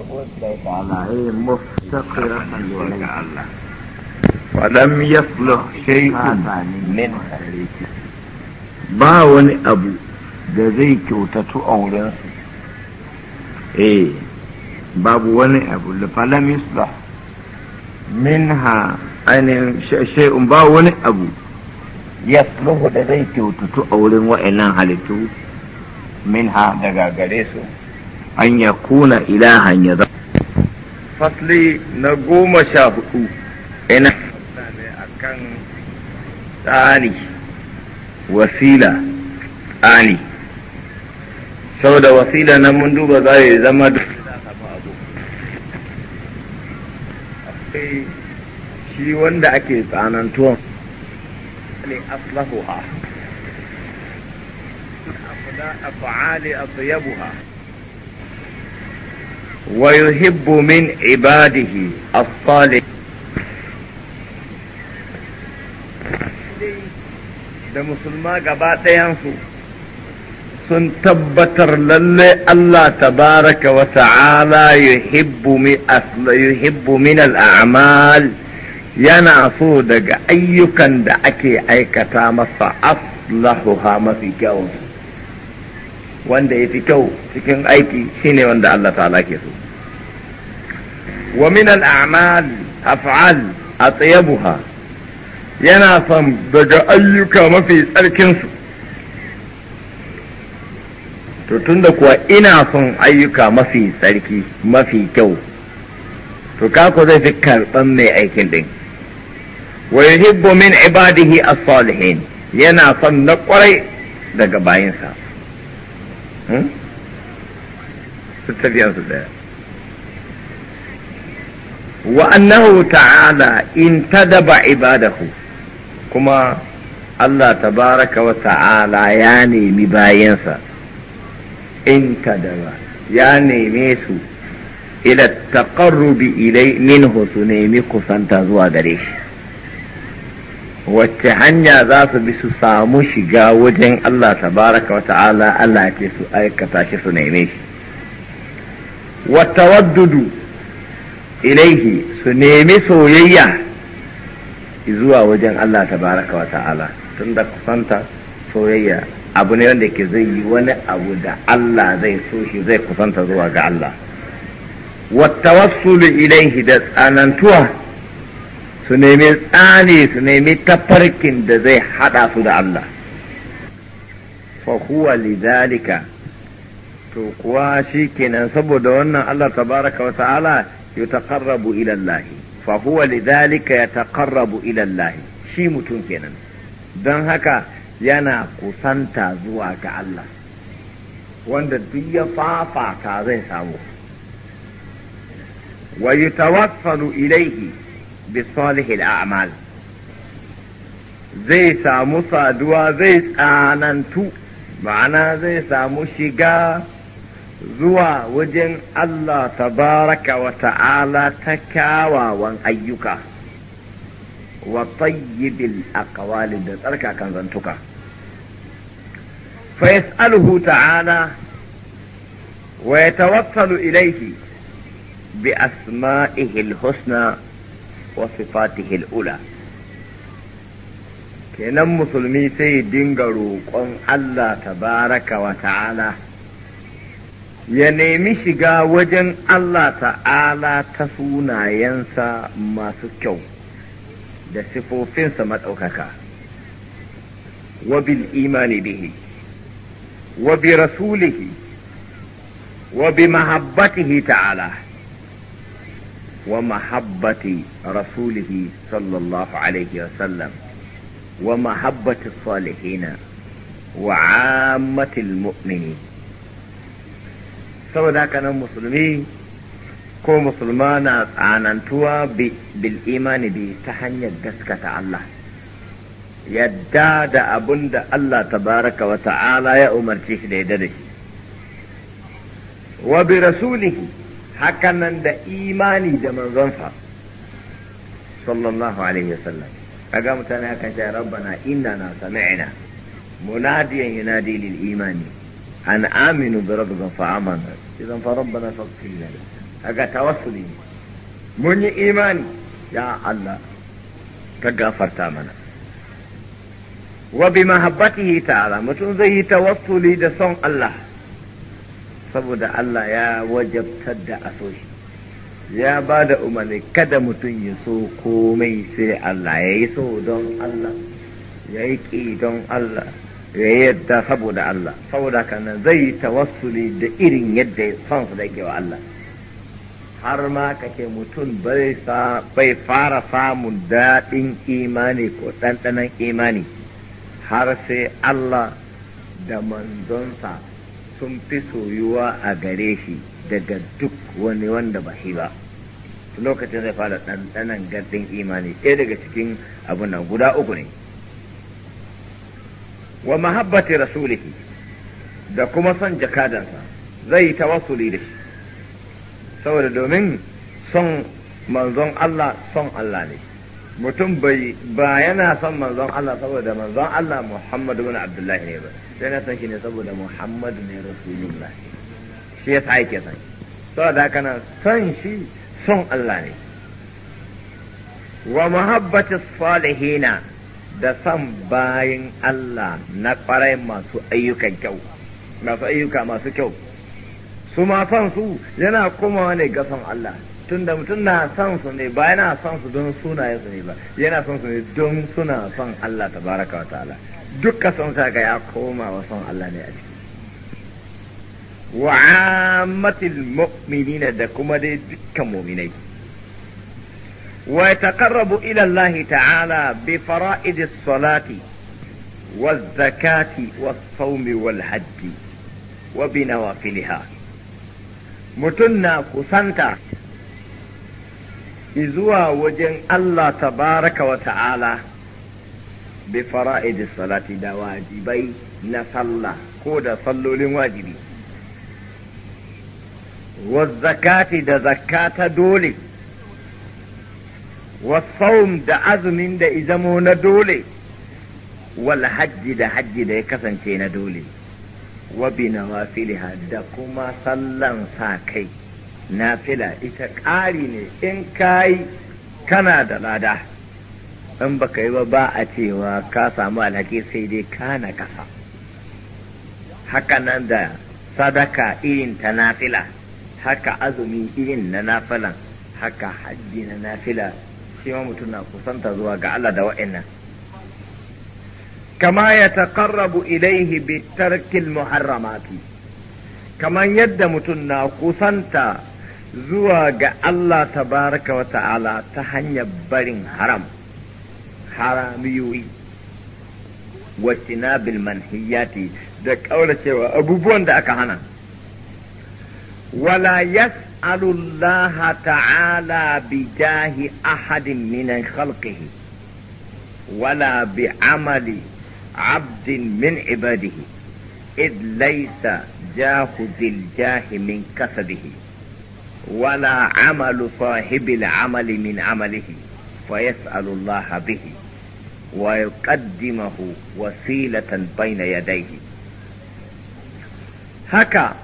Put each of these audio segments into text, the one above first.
مفتقرة إليك ولم يصلح شيء منها ba wani abu da zai kyautatu a wurinsu eh babu wani abu da lafalam yusla ha ainihin shay'un ba wani abu yasluhu da zai kyautatu a wurin wa'annan halittu min ha daga gare su an ya kuna ilahan ya zama fasli na goma sha hudu ina akan tsani wasila tsani sau da wasila na mun duba za ya zama da akwai shi wanda ake tsanantuwan ne a afa'ali atyabuha ويحب من عباده الصالح da musulma gaba ɗayansu sun tabbatar lalle Allah tabaraka wa ta'ala yuhibbu min al'amal yana so daga ayyukan da ake aikata masa aslahuha mafi kyawunsu wanda ya fi kyau cikin aiki shine wanda Allah ta'ala ke so wa min al'amal af'al atyabuha yana son daga ayyuka mafi tsarkinsu to tunda kuwa ina son ayyuka mafi tsarki mafi kyau to kako zai fi karɓan mai aikin ɗin. wa yuhibbu min ibadihi as-salihin yana son na ƙwarai daga bayinsa تتبعوا وأنه تعالى انتدب عباده كما الله تبارك وتعالى يعني مباينسا انتدب يعني ميسو إلى التقرب إليه منه قصان تزوى دريش wacce hanya za su bi su samu shiga wajen Allah tabaraka wa ta'ala Allah ce su aikata shi su neme shi wa ilaihi su nemi soyayya zuwa wajen Allah tabaraka wa ta'ala tun kusanta soyayya abu ne wanda ke zai yi wani abu da Allah zai so shi zai kusanta zuwa ga Allah wa tawassulu ilaihi da tsanantuwa su nemi tsani su nemi tafarkin da zai haɗa su da Allah fa huwa to kuwa shi kenan saboda wannan Allah tabaraka wa ta'ala ya taƙarrabu ilallahi fa huwa ya yataqarrabu ilallahi shi mutum kenan don haka yana kusanta zuwa ga Allah wanda duk ya fafata zai samu wa yatawassalu ilaihi بصالح الأعمال زي سامو صادوا زي آننتو معنى زي سامو شقا زوا وجن الله تبارك وتعالى تكاوى وان أيكا وطيب الأقوال بطركا كان زنتكا فيسأله تعالى ويتوصل إليه بأسمائه الحسنى وصفاته الأولى kenan musulmi sai dinga roƙon Allah tabaraka wa ta'ala ya nemi shiga wajen Allah ta'ala ta sunayensa masu kyau da sifofinsa maɗaukaka wabil imani bihi wabi rasulihi wabi mahabbatihi ta'ala ومحبة رسوله صلى الله عليه وسلم ومحبة الصالحين وعامة المؤمنين saboda haka nan musulmi ko musulma na tsanantuwa bil imani bi ta hanyar gaskata Allah yadda da abun da Allah tabaraka wa ta'ala ya umarci shi da yadda da shi wa bi rasulihi hakanan da imani da manzonsa sallallahu alaihi wasallam kaga mutane haka ce rabbana inna na sami'na munadiyan yunadi lil imani an aminu bi rabbikum fa amana idan fa rabbana faghfir lana kaga tawassuli mun yi imani ya Allah ka gafarta mana wa bi mahabbatihi ta'ala mutum zai yi tawassuli da son Allah saboda Allah ya wajabtar da a shi ya ba da umarni kada mutum ya so komai sai Allah ya yi so don Allah ya yi ƙi don Allah ya yadda saboda Allah saboda kanan zai yi tawassuli da irin yadda ya son su da wa Allah har ma kake mutum bai fara samun daɗin imani ko ɗanɗanon imani har sai Allah da manzonsa sun fi soyuwa a gare shi daga duk wani wanda ba shi ba lokacin zai fara ɗanɗanan gardin imani ɗaya daga cikin abin nan guda uku ne wa mahabbati rasulihi da kuma son jakadansa zai yi tawassuli da shi saboda domin son manzon Allah son Allah ne mutum bai ba yana son manzon Allah saboda manzon Allah Muhammadu bin Abdullahi ne ba sai na san shi ne saboda muhammadu ne rasulullah shi ya sa yake san saboda haka nan son shi son Allah ne wa muhabbati salihina da san bayan Allah na kwarai masu ayyukan kyau masu ayyuka masu kyau su ma son su yana kuma ne ga son Allah tunda mutum na son su ne ba yana son su don sunayen su ne ba yana son su ne don suna son Allah tabaraka wa ta'ala dukka son ga ya koma wa son Allah ne a ciki wa ammatil mu'minina da kuma dai dukkan mu'minai wa yataqarrabu ila Allah ta'ala bi fara'idis salati waz zakati was sawmi wal hajji wa bi nawafiliha mutun na kusanta zuwa wajen Allah tabaraka wa ta'ala bi fara'idis salati da wajibai na sallah ko da sallolin wajibi zakati da zakata dole wasaum da azumin da izamo na dole wal hajji da hajji da ya kasance na dole wa bi da kuma sallan sa kai na fila ita ƙari ne in kai kana da lada in baka yi ba ba a cewa ka samu alhaki sai dai kana kasa haka nan da sadaka irin ta nafila haka azumi irin na nafilan haka hajji na nafila shi ma mutum na kusanta zuwa ga Allah da wa'annan kama ya taqarrabu ilaihi bi tarkil muharramati kaman yadda mutum na kusanta zuwa ga Allah tabaraka wa ta'ala ta hanyar barin haram haramiyoyi wacina bilmanhiyati da kauracewa abubuwan da aka hana wala yas'alu Allah ta'ala bi jahi ahadin min khalqihi wala bi amali abdin min ibadihi إذ ليس جاه ذي الجاه من كسبه ولا عمل صاحب العمل من عمله فيسأل الله به wa yuqaddimuhu wasilatan ya yadayhi haka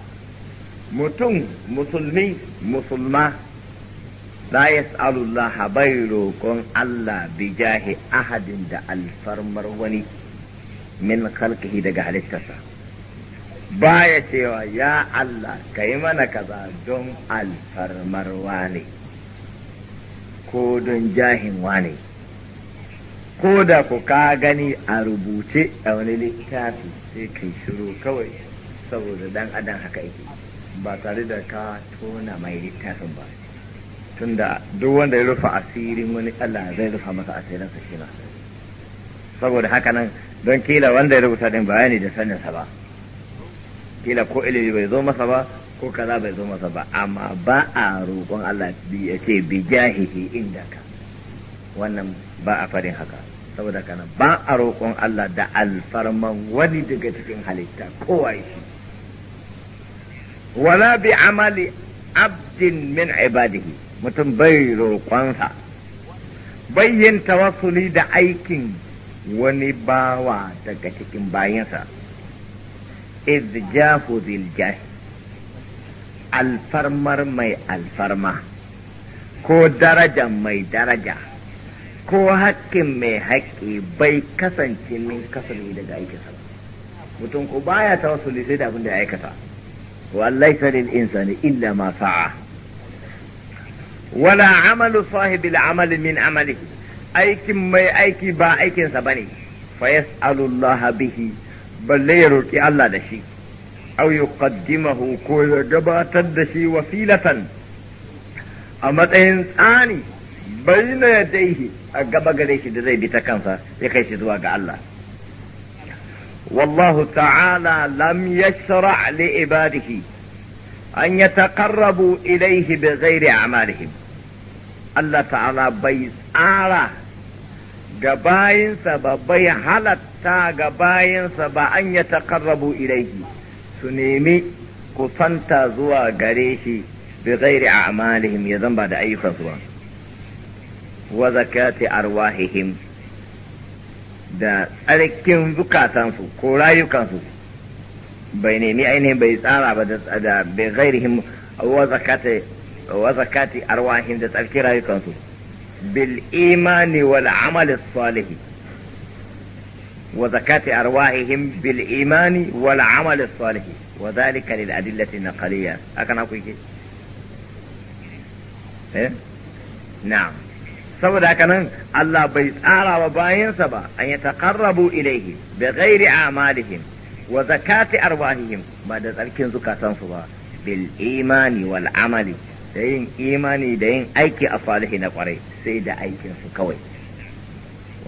mutum musulmi musulma da yasalu Allah bayro kon Allah bi jahi ahadin da alfarmar wani min khalqihi daga halittarsa. baya cewa ya Allah kai mana kaza don alfarmar wani ko don jahin wani ko da ku ka gani a rubuce a wani littafi sai kai shiru kawai saboda dan adam haka yake ba tare da ka tona mai littafin ba tunda duk wanda ya rufa asirin wani Allah zai rufa masa sa shi ma saboda haka nan don kila wanda ya rubuta din bayani da sa ba kila ko ilimi bai zo masa ba ko kaza bai zo masa ba amma ba a roƙon Allah ya ce bi jahihi inda ka wannan ba a farin haka saboda kana ba a roƙon Allah da alfarman wani daga cikin halitta kowa shi wala bi amali abdin min ibadihi mutum bai roƙonsa bayyin tawassuli da aikin wani bawa daga cikin bayansa izjahu zil alfarmar mai alfarma ko daraja mai daraja ko hakkin mai haƙƙi bai kasance min kasani daga aikinsa ba mutum ko baya tawassuli sai da abin ya aikata wallahi salil insani illa ma sa'a wala amalu sahibil amal min amali aikin mai aiki ba aikinsa ne. fa yas'alu Allah bihi balle ya roki Allah da shi aw yuqaddimahu ko ya gabatar da shi wasilatan a matsayin tsani bai na yadaihi a gaba gare shi da zai bi ta kansa ya kai shi zuwa ga Allah. Wallahu ta'ala lam ya shara ibadihi an ya taƙarrabu ilaihi bai zaire a amalihim. Allah ta'ala bai tsara ga bayinsa ba bai halatta ga bayinsa ba an ya taƙarrabu ilaihi su nemi kusanta zuwa gare shi bai zaire a amalihim ya zamba da ayyukansu ba. wa zakati arwahihim da tsarkin zukatansu ko rayukansu bai nemi ainihin bai tsara ba da bai gairihim wa zakati wa zakati arwahihim da tsarkin rayukansu bil imani wal amali salih wa zakati arwahihim bil imani wal amali salih wa dhalika lil adillati naqliyah akan akwai ke eh na'am saboda haka nan Allah bai tsara wa bayansa ba an ya taqarrabu ilayhi bi ghairi a'malihim wa zakati arwahihim ba da tsarkin zukatansu ba bil imani wal amali da yin imani da yin aiki a salihi na kwarai sai da aikin su kawai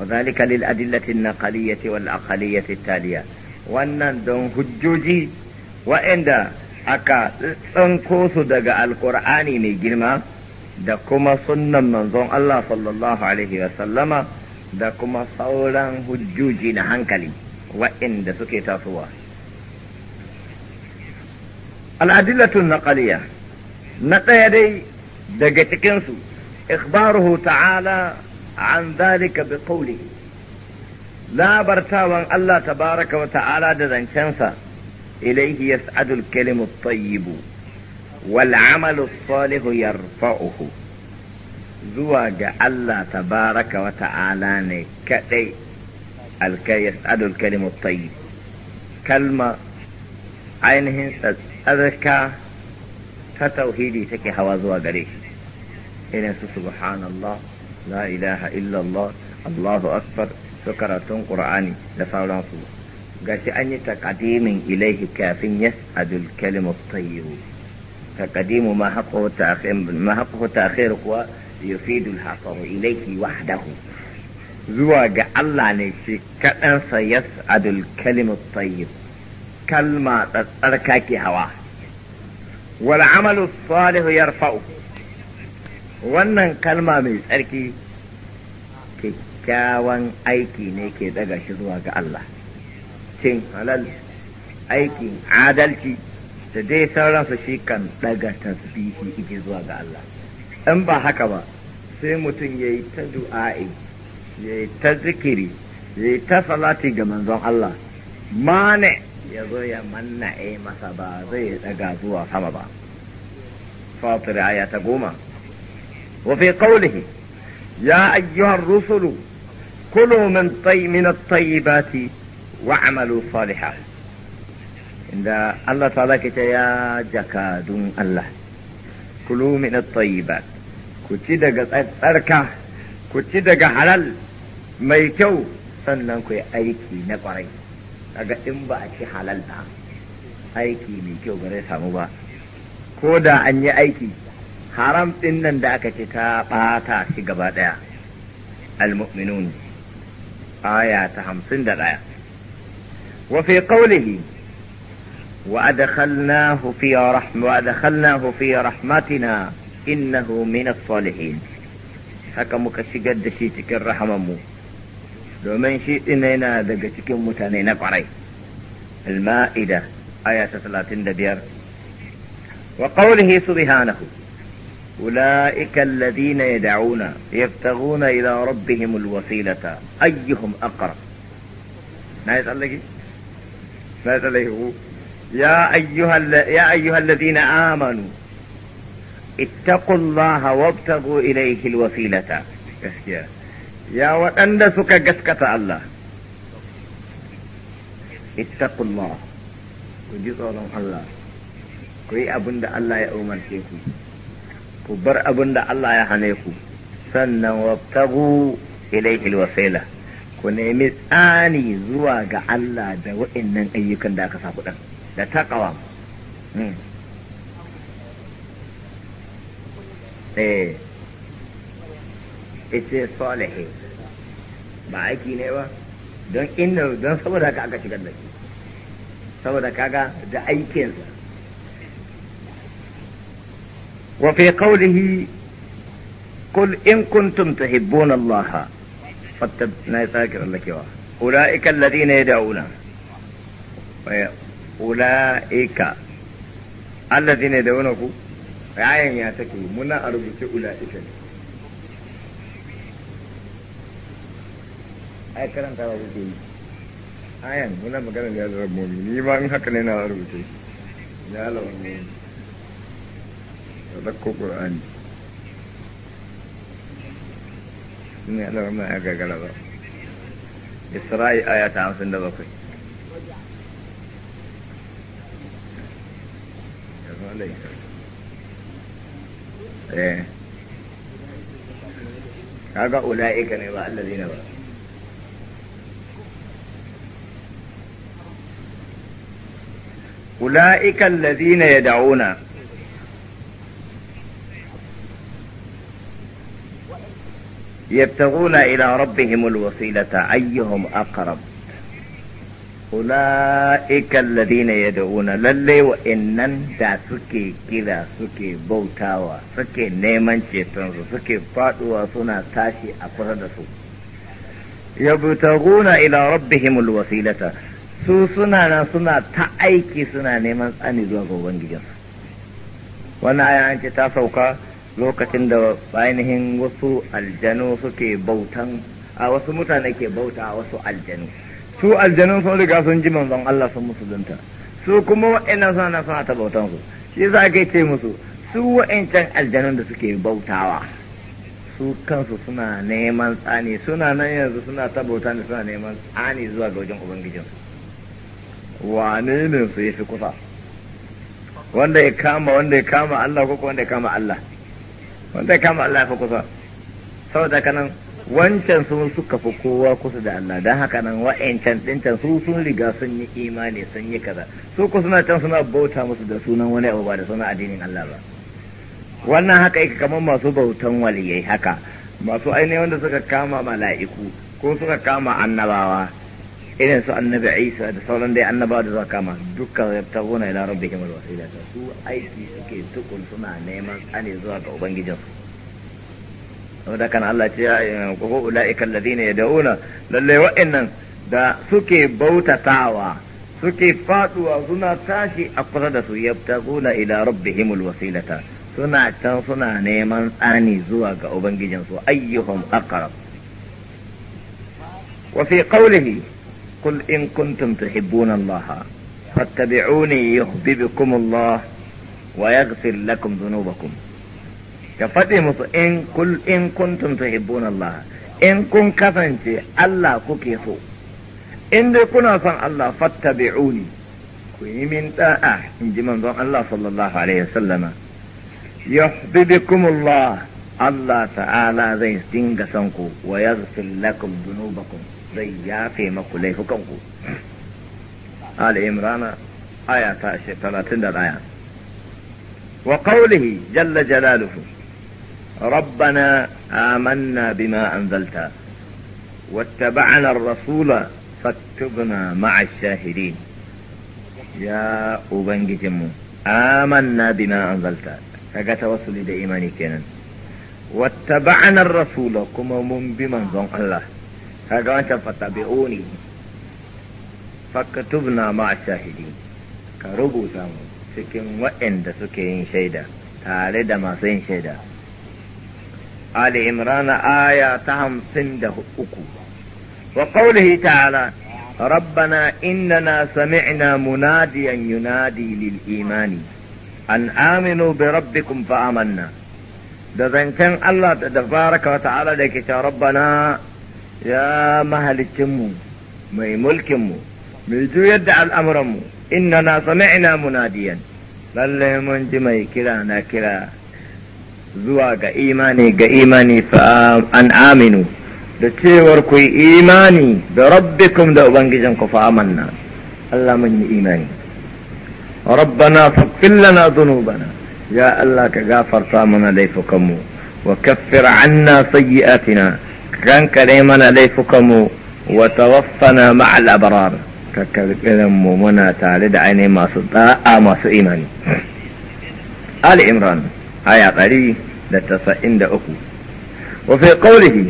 wa zalika lil adillati an-naqliyyati wal aqliyyati taliya wannan don hujjoji wa'anda aka tsanko su daga alqur'ani mai girma da kuma sunnan manzon Allah sallallahu alaihi wasallama da kuma sauran hujjoji na hankali waɗanda suke tasowa al'adilatun naqaliya na ɗaya dai daga cikinsu ikhbaruhu ta'ala an zalika bi qawlihi labartawan Allah tabaraka wa ta'ala da zancensa ilaihi yas'adul kalimu tayyibu wal amalu salihu yarfa'uhu zuwa ga Allah tabaraka wa ta'ala ne kadai alkayas adul kalimu tayyib kalma ainihin tsarka ta tauhidi take hawa zuwa gare shi irin su subhanallah la ilaha illallah allahu akbar su karatun qur'ani da sauransu gashi an yi takadimin ilaihi kafin yas'adul kalimu tayyib فقديم ما حقه تأخير ما حقه تأخير هو يفيد الحصر إليه وحده zuwa ga Allah ne shi kaɗansa ya adul kalimat tayyib kalma tsarka ke hawa wal amalu salihu yarfa'u wannan kalma mai tsarki kyakkyawan aiki ne ke daga shi zuwa ga Allah cin halal aikin adalci da dai sauransu shi kan daga tasbihi ike zuwa ga Allah in ba haka ba sai mutum ya yi ta du'a'i ya yi ta zikiri ya yi ta salati ga manzon Allah mane ya zo ya manna masa ba zai daga zuwa sama ba fatir aya ta goma wa fi qawlihi ya ayyuhar rusulu kulu min tayyibati wa amalu inda Allah ta ke ce ya jakadun Allah kulu min at-tayyibat ku ci daga tsarka ku ci daga halal mai kyau sannan ku yi aiki na kwarai daga in ba a ci halal ba aiki mai kyau ba zai samu ba ko da an yi aiki haram ɗin nan da aka ce ta ɓata shi gaba ɗaya al-mu'minun aya ta hamsin da ɗaya wa fi وأدخلناه في رحم وأدخلناه في رحمتنا إنه من الصالحين حكم كشجر شيتك الرحمة مو لو من شيء إننا دقتك متنين قري المائدة آية ثلاثين دبير وقوله سبحانه أولئك الذين يدعون يبتغون إلى ربهم الوسيلة أيهم أقرب ما يسأل لك ما يسأل يا أيها, يا أيها الذين آمنوا اتقوا الله وابتغوا إليه الوسيلة يا وأن سك قسكة الله اتقوا الله وجزوا الله كوي أبن الله يا أمر شيكم ku bar abin da Allah ya hane ku sannan wabtagu ilaihi wasila ku nemi tsani zuwa ga Allah da wa'annan ayyukan da aka sa kuɗin. ده تقوى ايه اسي صالحي باعكي دون انه دون صبر هكا عكا شكال لكي صبر هكا عكا وفي قوله قل ان كنتم تحبون الله فاتب نايتاكر لكي أولئك الذين يدعون ula'ika allazi ne da wani ku ayan ya take muna a rubuce ula'ika ne ai karanta ba kuke yi ayan muna magana da yalar momi ni ba in haka ne na rubuce ya lawan da dakko qur'ani ne Allah ya gagara ba Isra'i aya 57 إيه. هذا أولئك نظام الذين أولئك الذين يدعون يبتغون إلى ربهم الوصيلة أيهم أقرب ula'ika alladhina yad'una lalle wa innan da suke kira suke bautawa suke neman ceton su suke faduwa suna tashi a kusa da su yabtaguna ila rabbihim alwasilata su suna nan suna ta aiki suna neman tsani zuwa ga ubangijinsu wannan aya ce ta sauka lokacin da ainihin wasu aljanu suke bautan a wasu mutane ke bauta a wasu aljanu su aljanun sun riga sun ji manzon Allah sun musulunta su kuma wa'annan suna nan suna ta su shi za ka ce musu su wa'ancan aljanun da suke bautawa su kansu suna neman tsani suna nan yanzu suna tabauta ne suna neman tsani zuwa ga wajen ubangijin wane ne su ya fi kusa wanda ya kama wanda ya kama Allah ko wanda ya kama Allah wanda ya kama Allah ya fi kusa saboda kanan wancan sun suka fi kowa kusa da Allah don haka nan wa'ancan ɗincan su sun riga sun yi imani sun yi kaza su ku suna can suna bauta musu da sunan wani abu ba da suna addinin Allah ba wannan haka yake kamar masu bautan waliyai haka masu ainihin wanda suka kama mala'iku ko suka kama annabawa irin su annabi Isa da sauran dai annabawa da suka kama dukkan yabtaguna ila rabbihim alwasila su aiki suke tukun suna neman tsane zuwa ga ubangijinsu saboda kan Allah ce ko ulaika alladhina yad'una lalle wa'annan da suke bautatawa suke faduwa suna tashi a kusa da su yabtaguna ila rabbihimul wasilata suna can suna neman tsani zuwa ga ubangijin su ayyuhum aqrab wa fi qawlihi qul in kuntum tuhibbuna allaha fattabi'uni yuhibbukum allah wa yaghfir lakum dhunubakum ka faɗi musu in kul in kuntum tuhibbuna Allah in kun kasance Allah kuke so in dai kuna son Allah fattabi'uni ku yi min da'a in ji manzon Allah sallallahu alaihi wasallama yuhibbukum Allah Allah ta'ala zai dinga son ku wa yaghfir lakum dhunubakum zai yafe maku laifukanku Ali Imrana aya ta 31 wa qawlihi jalla jalaluhu ربنا آمنا بما أنزلت واتبعنا الرسول فاكتبنا مع الشاهدين يا أبنجم آمنا بما أنزلت فقط وصل إلى إيماني كنا واتبعنا الرسول كما من بمن الله فقط فاتبعوني فاكتبنا مع الشاهدين كربو سامو سكن وإن سكين شيدا تارد ما سين شيدا آل عمران آياتهم سنده أكو وقوله تعالى ربنا إننا سمعنا مناديا ينادي للإيمان أن آمنوا بربكم فآمنا دزن كان الله تبارك وتعالى لك يا ربنا يا مهل التمو مي ملك مو ميزو يدعى الأمر مو إننا سمعنا مناديا بل من جمي كلا نا كلا zuwa ga imani ga imani fa an aminu da cewar ku yi imani da rabbikum da ubangijinku fa amanna Allah mun yi imani rabbana faghfir lana dhunubana ya Allah ka gafarta mana laifukanmu wa kaffir anna sayyi'atina kan kare mana laifukanmu wa tawaffana ma'al abrar ka karɓi mu muna tare da ainihin masu da'a masu imani al imran aya 100 لتسعين وفي قوله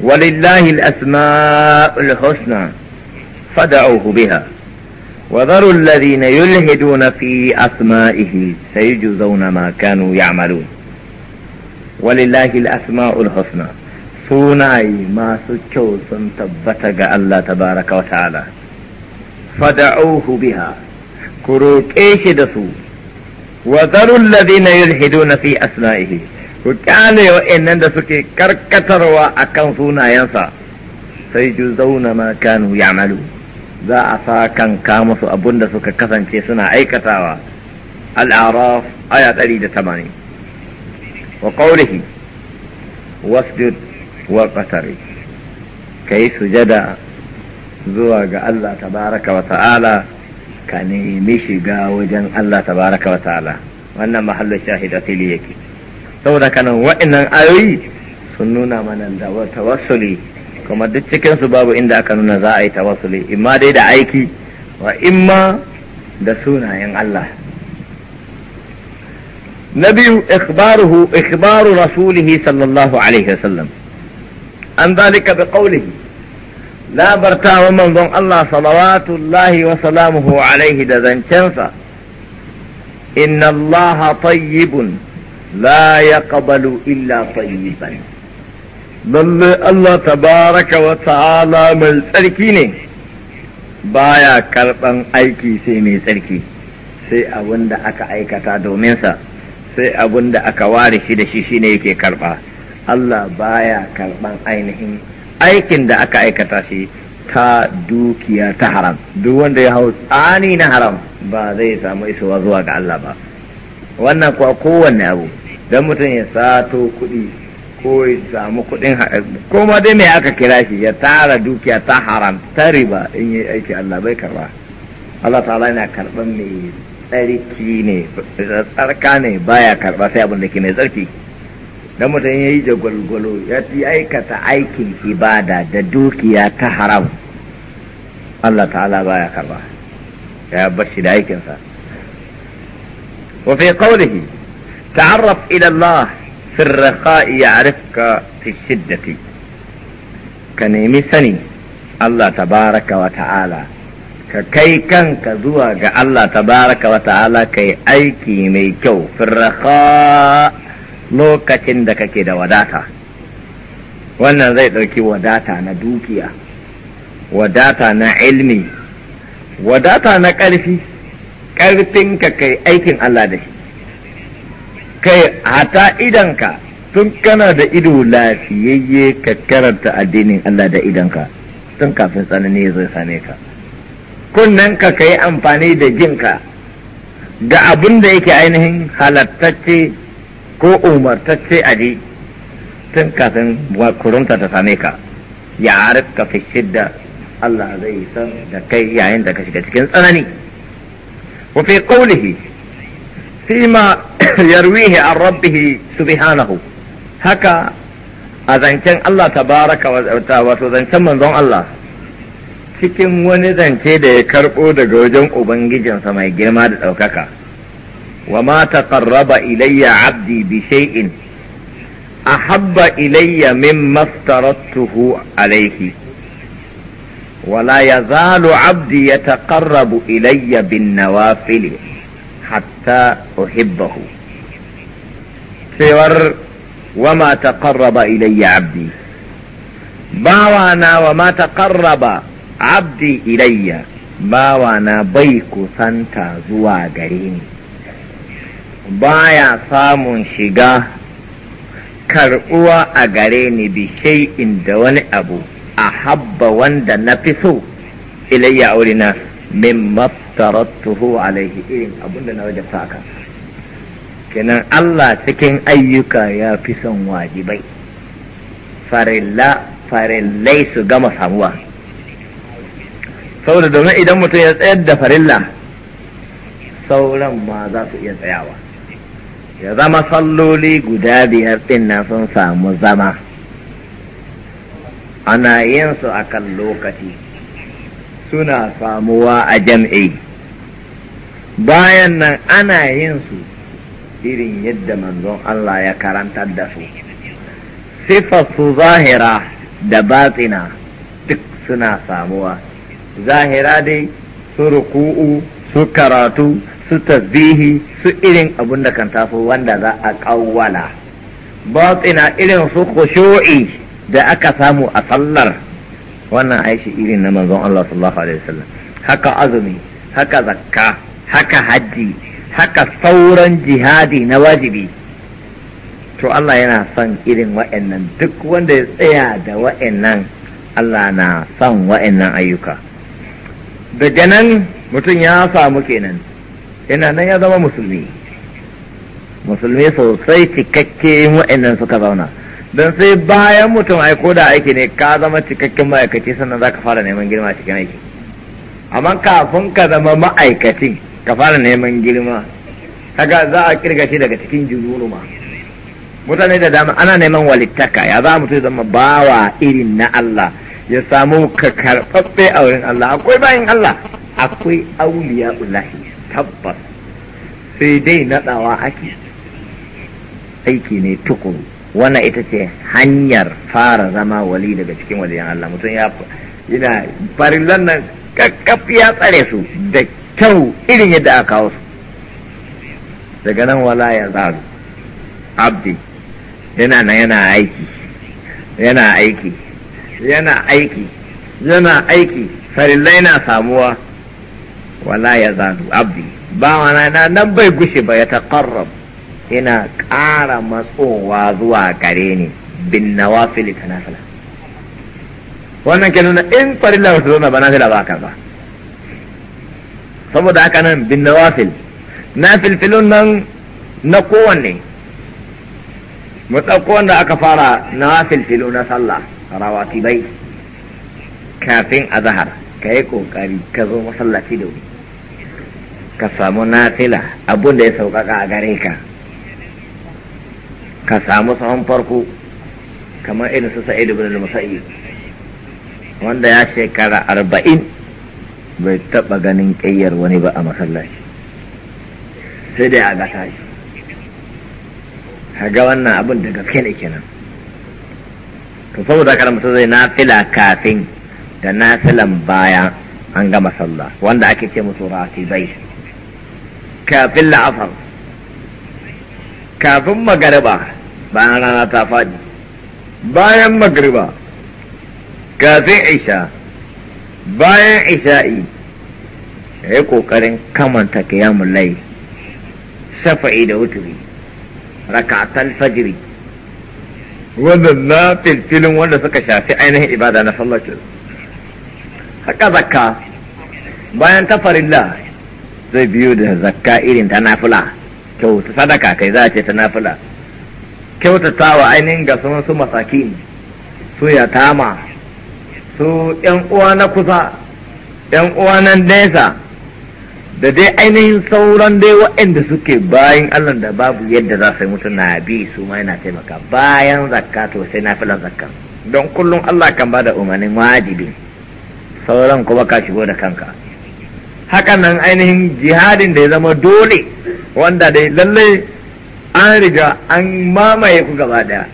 ولله الأسماء الحسنى فدعوه بها وذروا الذين يلهدون في أسمائه سيجزون ما كانوا يعملون ولله الأسماء الحسنى سوناي ما سكو سنتبتك الله تبارك وتعالى فدعوه بها كروك ايش دسو وذروا الذين يلحدون في أسمائه ku kyale wa'annan da suke karkatarwa a kan sunayensa sai ju zauna ma kanu malu za a sa kan ka musu abun da suka kasance suna aikatawa al'araf aya ɗari da tamanin wa ƙaurihi wasjud wa ƙasari ka yi sujada zuwa ga Allah tabaraka wa ta'ala ka nemi shiga wajen Allah tabaraka wa ta'ala wannan mahallin shahida fili yake saboda kanan wa'annan ayoyi sun nuna mana da tawassuli kuma duk cikin su babu inda aka nuna za a yi tawassuli imma dai da aiki wa imma da sunayen Allah na biyu ikhbaruhu rasulihi sallallahu alaihi wasallam an zalika bi qawlihi labartawa manzon Allah salawatullahi wa salamuhu alaihi da zancensa inna Allah tayyibun la yaqbalu illa tayyiban lalle Allah tabaraka wa ta'ala mai tsarki ne baya karban aiki sai mai tsarki sai abin da aka aikata domin sa sai abun da aka ware shi da shi shine yake karɓa. Allah baya karban ainihin aikin da aka aikata shi ta dukiya ta haram duk wanda ya hau tsani na haram ba zai samu isowa zuwa ga Allah ba wannan kuwa kowanne abu don mutum ya sato kuɗi ko ya samu kuɗin ko ma dai mai aka kira shi ya tara dukiya ta haram ta riba in yi aiki Allah bai karba Allah ta'ala yana karɓar mai tsarki ne tsarka ne baya karɓa sai abin da ke mai tsarki don mutum ya yi jagwalgwalo ya fi aikata aikin ibada da dukiya ta haram Allah ta'ala baya karɓa ya bar shi da aikinsa wa fi qawlihi تعرف الى الله في الرخاء يعرفك في الشدة كنيمي سني الله تبارك وتعالى كي كان كذوك الله تبارك وتعالى كي ايكي ميكو في الرخاء لوكا تندك كده وداتا وانا زي لكي وداتا ندوكيا وداتا نعلمي وداتا نقلفي كارتنك كي ايكي الله دهي kai hata idanka tun kana da ido lafiyayye ka karanta addinin Allah da idanka tun kafin tsanani ya zai same ka kunnen ka yi amfani da jinka da abin da yake ainihin halattacce ko umartacce a ji tun kafin kurunta ta same ka ya ka fi shidda Allah zai san da kai yayin da ka shiga cikin tsanani wa fi فيما yarwihi an rabbihi subhanahu haka a zancen Allah baraka wato zancen manzon Allah cikin wani zance da ya karɓo daga wajen ubangijinsa mai girma da ɗaukaka wa ma ƙarraba ilayya abdi bi shay'in habba ilayya min wala aftaratuhu abdi ya ta ƙarrabu ilayya bin nawafili hatta uhibbahu cewar wa ma taqarraba ilayya abdi wa na ma ta taqarraba abdi ilayya na bai kusanta zuwa gare ni baya samun shiga karɓuwa a gare ni bi inda da wani abu a habba wanda na fi so ilayya aurina mimma tarattuhu alaihi irin abinda na wajen sa kenan Allah cikin ayyuka ya fi son wajibai farillai su gama samuwa saboda domin idan mutum ya tsayar da farilla sauran ma za su iya tsayawa ya zama salloli guda biyar ɗin na sun samu zama ana yin su a kan lokaci suna samuwa a jam'i bayan nan ana yin su irin yadda manzon Allah ya karantar da su sifar su zahira da batsina duk suna samuwa zahira dai su ruku'u su karatu su tasbihi su irin abun da kan tafi wanda za a kawwala batsina irin su khushu'i da aka samu a sallar wannan aishi irin na manzon Allah sallallahu alaihi wasallam haka azumi haka zakka haka hajji haka sauran jihadi na wajibi to Allah yana son irin wa'annan duk wanda ya tsaya da wa'annan Allah na son wa'annan ayyuka daga nan mutum ya samu kenan yana nan ya zama musulmi musulmi sosai cikakke wa'annan suka zauna don sai bayan mutum aiko da aiki ne ka zama cikakken ma'aikaci sannan za ka fara neman girma cikin aiki amma kafin ka zama ma'aikacin ka fara neman girma kaga za a kirga shi daga cikin jururuma mutane da dama ana neman walittaka ya za mutum zama bawa irin na Allah ya samu ka karɓaɓɓe a wurin Allah akwai bayan Allah akwai auliya ulahi tabbas sai dai naɗawa ake aiki ne tukuru wannan ita ce hanyar fara zama wali daga cikin waliyan Allah mutum ya yana Farin lannan kakkaf ya tsare su da kyau irin yadda aka kawo su daga nan wala ya zaru abdi yana nan yana aiki yana aiki yana aiki yana aiki farillai na samuwa wala ya zaru abdi ba wana nan bai gushe ba ya taqarrab yana ƙara matsowa zuwa gare ne bin nawafil ta nafila wannan ke nuna in farilla ba su zo na ba nafila ba karba saboda haka nan bin nawafil nafilfilun nan na kowanne mu ɗauko wanda aka fara nawafilfilu na sallah rawatibai kafin a zahar ka yi ƙoƙari ka zo masallaci da wuri ka samu nafila abun da ya sauƙaƙa a gare ka ka samu sahun farko kamar irin su sa'idu bin al-musayyib wanda ya shekara arba'in bai taɓa ganin ƙayyar wani ba a masallaci sai dai a gata shi ga wannan abin da gaske ne kenan to saboda haka mutum zai fila kafin da na filan baya an ga masalla. wanda ake ce musu ratibai kafin la'afar kafin magariba bayan rana ta faɗi bayan magariba kafin isha bayan isha'i ya yi ƙoƙarin kamanta kiyamun lai shafa'i da wuturi rakatan fajiri wannan na filfilin wanda suka shafi ainihin ibada na sallacin haka zakka bayan la, zai biyo da zakka irin ta fula Kyauta sadaka kai za a ce ta nafila kyautata wa ainihin ga sun su masakin su yatama su yan uwa na kusa yan uwa na nesa da dai ainihin sauran dai waɗanda suke bayan allah da babu yadda za su yi mutu na bi su ma yana taimaka bayan zakka to sai fila zakka don kullum allah kan ba da umarnin wajibi sauran kuma ka shigo da kanka hakanan ainihin jihadin da ya zama dole wanda dai lallai an riga an mamaye ku gaba daya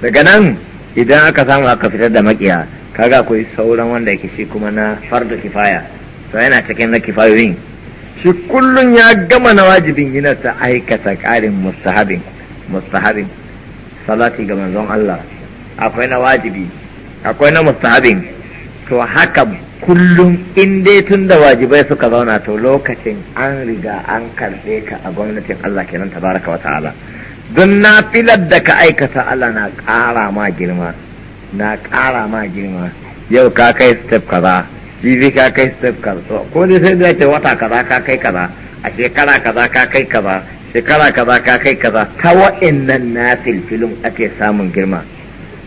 daga nan idan aka samu aka fitar da makiya kaga akwai sauran wanda yake shi kuma na fardu kifaya to yana cikin na kifayoyin shi kullum ya gama na wajibin yana ta aikata karin mustahabin mustahabin salati ga manzon Allah akwai na wajibi akwai na mustahabin to haka kullum in dai tun da wajibai suka zauna to lokacin an riga an karɓe ka a gwamnatin Allah kenan tabaraka wa ta'ala don na filar da ka aikata Allah na ƙara ma girma na ƙara ma girma yau ka kai step kaza jibi ka kai step kaza ko dai sai da ce wata kaza ka kai kaza a shekara kaza ka kai kaza shekara kaza ka kai kaza ta wa'annan na filfilin ake samun girma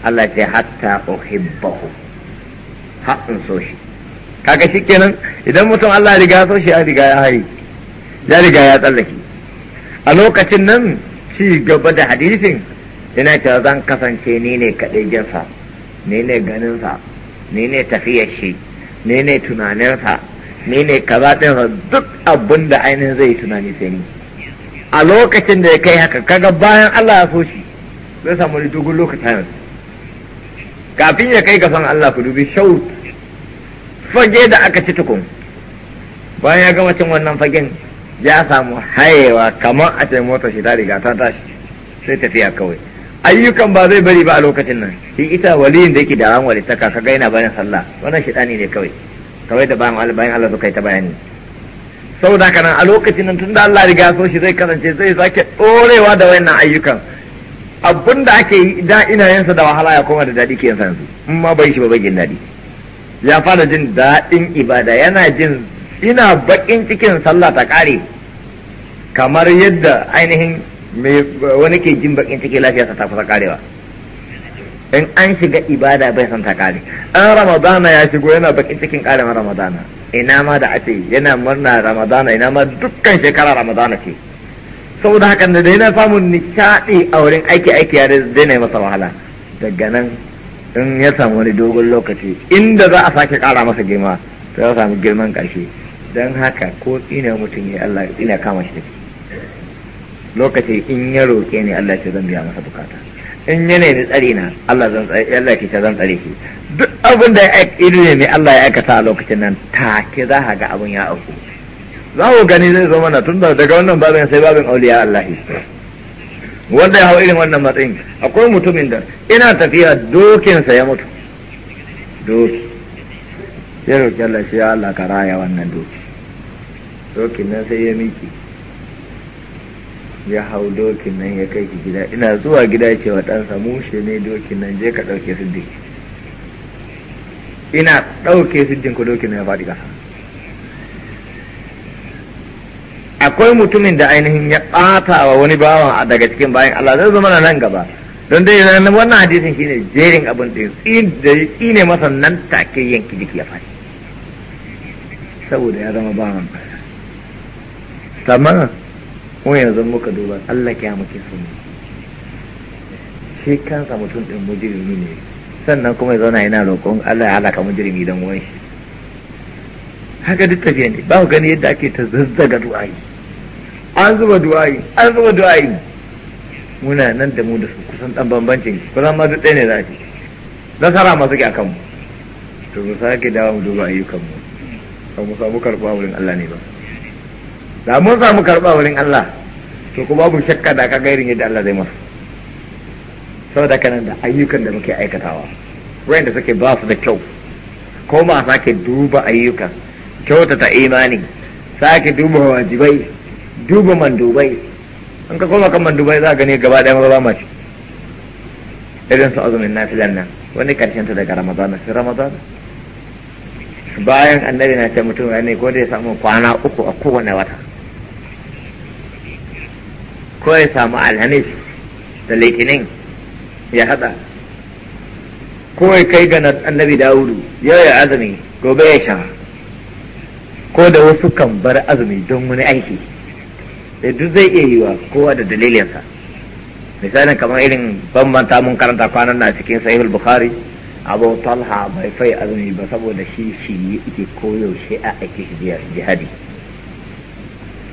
Allah ce hatta uhibbahu haɗin so shi kaga shikenan idan mutum Allah riga so shi ya riga ya hari ya riga ya tsallake a lokacin nan ci gaba da hadisin yana cewa zan kasance ni ne kaɗai jinsa ni ne ganinsa ni ne tafiyar shi ni ne tunaninsa ni ne kaza ɗinsa duk abin da ainihin zai tunani sai ni a lokacin da ya kai haka kaga bayan Allah ya so shi zai samu dogon lokacin kafin ya kai ga san Allah ku dubi shaut fage da aka ci tukun bayan ya gama cin wannan fagen ya samu hayewa kamar a ce mota shi ta riga ta tashi sai tafiya kawai ayyukan ba zai bari ba a lokacin nan shi ita waliyin da yake da ran wali taka kaga yana bayan sallah wannan shidani ne kawai kawai da bayan bayan Allah suka yi ta bayani saboda haka nan a lokacin nan tunda Allah riga so shi zai kasance zai sake dorewa da wayannan ayyukan abinda ake yi da ina yansa da wahala ya koma da dadi ke yansa yanzu in ma bai shi ba bai dadi ya fara jin daɗin ibada yana jin ina baƙin cikin sallah ta ƙare kamar yadda ainihin wani ke jin baƙin ciki lafiyarsa ta kusa ƙarewa in an shiga ibada bai san ta ƙare an ramadana ya shigo yana baƙin cikin na ramadana ina ma da ake yana murna ramadana ina ma dukkan shekara ramadana ce saboda hakan da yana samun nishaɗi a wurin aiki aiki ya daina masa wahala daga nan in ya samu wani dogon lokaci inda za a sake kara masa girma to ya samu girman ƙarshe don haka ko ina mutum ya Allah ina kama shi lokaci in ya roƙe ni Allah ce zan biya masa bukata in ya nemi tsari na Allah zan tsare Allah ke zan tsare shi duk abin da ya ne mai Allah ya aikata a lokacin nan take za ka ga abin ya auku za ku gani zai zo mana tun daga wannan babin sai babin auliya Allah wanda ya hau irin wannan matsayin akwai mutumin da ina tafiya dokinsa ya mutu doki ya roƙi Allah shi ya Allah ka raya wannan doki dokin nan sai ya miki ya hau dokin nan ya kai ki gida ina zuwa gida cewa ɗansa mushe ne dokin nan je ka ɗauke su ina ɗauke su ku dokin nan ya faɗi ƙasa akwai mutumin da ainihin ya ɓata wa wani bawan daga cikin bayan Allah zai zama nan gaba don dai wannan hadisin shine jerin abin da da ya tsine masa nan take yanki jiki ya fashi saboda ya zama bawan sama mu yanzu muka duba Allah ya muke sun shi kansa mutum ɗin mujirimi ne sannan kuma ya zauna yana roƙon Allah ya halaka mujirimi don wani haka duk tafiya ne ba gani yadda ake ta zazzaga du'a'i an zuba du'a'i an zuba du'a'i muna nan da mu da su kusan dan bambancin kusan ma duk ne za ki nasara masu ke akan mu to mu sake dawo mu duba ayyukan mu ba mu samu karba wurin Allah ne ba da mun samu karba wurin Allah to kuma babu shakka da ka gairin yadda Allah zai masa saboda kanan da ayyukan da muke aikatawa da suke ba su da kyau ko ma sake duba ayyuka kyautata imani sake duba wajibai duba mandubai an ka koma kan mandubai za a gani gaba ɗaya maza ma ce irin su azumin filan nan wani karshen ta daga ramadana sai ramadana bayan annabi na ce mutum ne ko dai ya samu kwana uku a kowane wata ko ya samu alhamis da litinin ya hada ko ya kai ga annabi dawudu yau ya azumi gobe ya sha ko da wasu kan bar azumi don wani aiki sai eh, duk zai iya yi wa kowa da dalilinsa misalin kamar irin bambanta mun karanta kwanan na cikin sahihul bukhari abu talha bai fai azumi ba saboda shi shi yake koyaushe a ake shi jihadi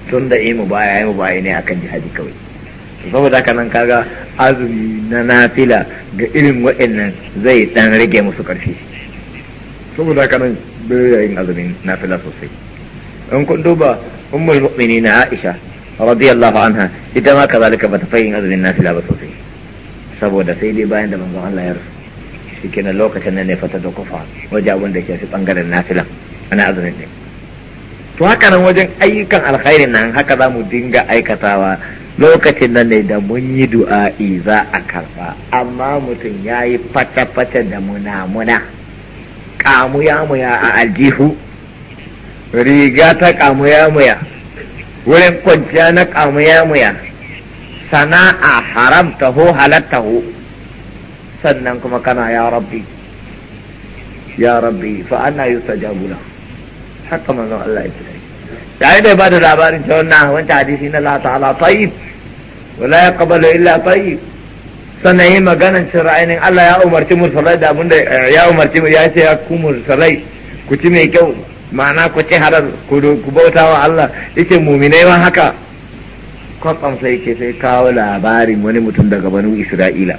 tun da imu baya imu baya ne akan jihadi kawai saboda haka nan kaga azumi na nafila ga irin waɗannan zai dan rage musu ƙarfi saboda haka nan bai yayin azumin nafila sosai in kun duba ummul mu'minina aisha radiyallahu anha ita ma kazalika bata fayyin azumin nafila ba sosai saboda sai dai bayan da manzon Allah ya rasu shike na lokacin nan ne fata da kufa wajen abin da ke fi bangaren nafila ana azumin ne to haka nan wajen ayyukan alkhairi nan haka za mu dinga aikatawa lokacin nan ne da mun yi za a karba amma mutum ya yi fata-fata da munamuna kamuya-muya a aljihu riga ta kamuya-muya wurin kwanciya na kamuya-muya sana'a haramtahu halattahu sannan kuma kana ya rabbi ya rabbi fa ana yi sajabula haka manzon Allah ya kira yayin da ya bada labarin ta na wancan hadisi na Allah ta'ala tayyib wala ya qabalu illa tayyib sannan yi maganan cin ra'ayin Allah ya umarci mursalai da abinda ya umarci ya ce ya ku mursalai ku ci mai kyau ma'ana ku ci halal ku bauta wa Allah yake muminai ma haka kwatsam sai ke sai kawo labarin wani mutum daga banu isra'ila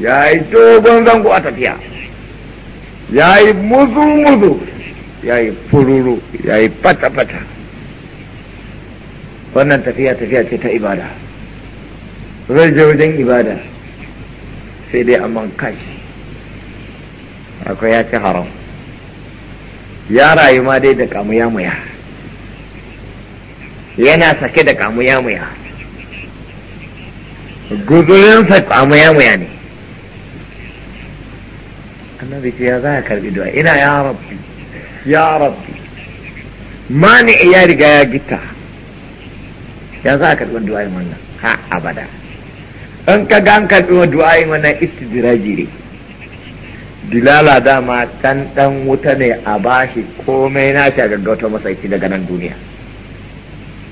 ya yi dogon zango a tafiya ya yi muzu-muzu ya yi fururu ya yi fata-fata wannan tafiya tafiya ce ta ibada zai je wajen ibada sai dai amman kashi akwai ya ci haram ya rayu ma dai da kamuya muya yana sake da kamuya muya guzurinsa kamuya muya ne annabi ce ya za a karbi du'a ina ya rabbi ya rabbi mani ya riga ya gita ya za a karbi du'a wannan ha abada in ka ga an karbi du'a wannan istidiraji ne dilala dama dan dan wuta ne a bashi komai na ta a gaggauta masa yake daga nan duniya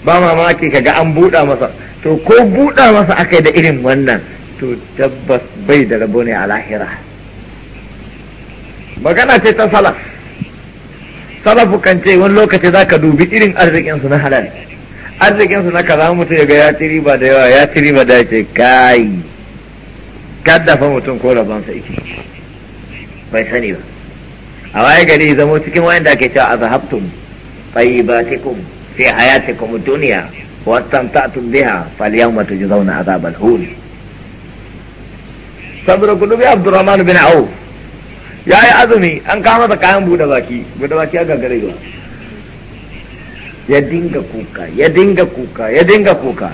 ba mamaki kaga an buɗa masa to ko buɗa masa akai da irin wannan to tabbas bai da rabo ne a lahira magana ce ta salaf salafu kan ce wani lokaci za ka dubi irin arzikinsu na halal arzikinsu na kaza mutum ya ga ya ci riba da yawa ya ci riba da ya ce kai kaddafa mutum ko rabansa ike bai sani ba a waye gari zama cikin wayan da ke cewa azhabtum tayyibatikum fi hayatikum dunya wa yau mata ji zauna a al huli saboda ku dubi Abdurrahman bin ya yi azumi an kama da kayan buɗe baki buɗe baki aka gare yawa ya dinga kuka ya dinga kuka ya dinga kuka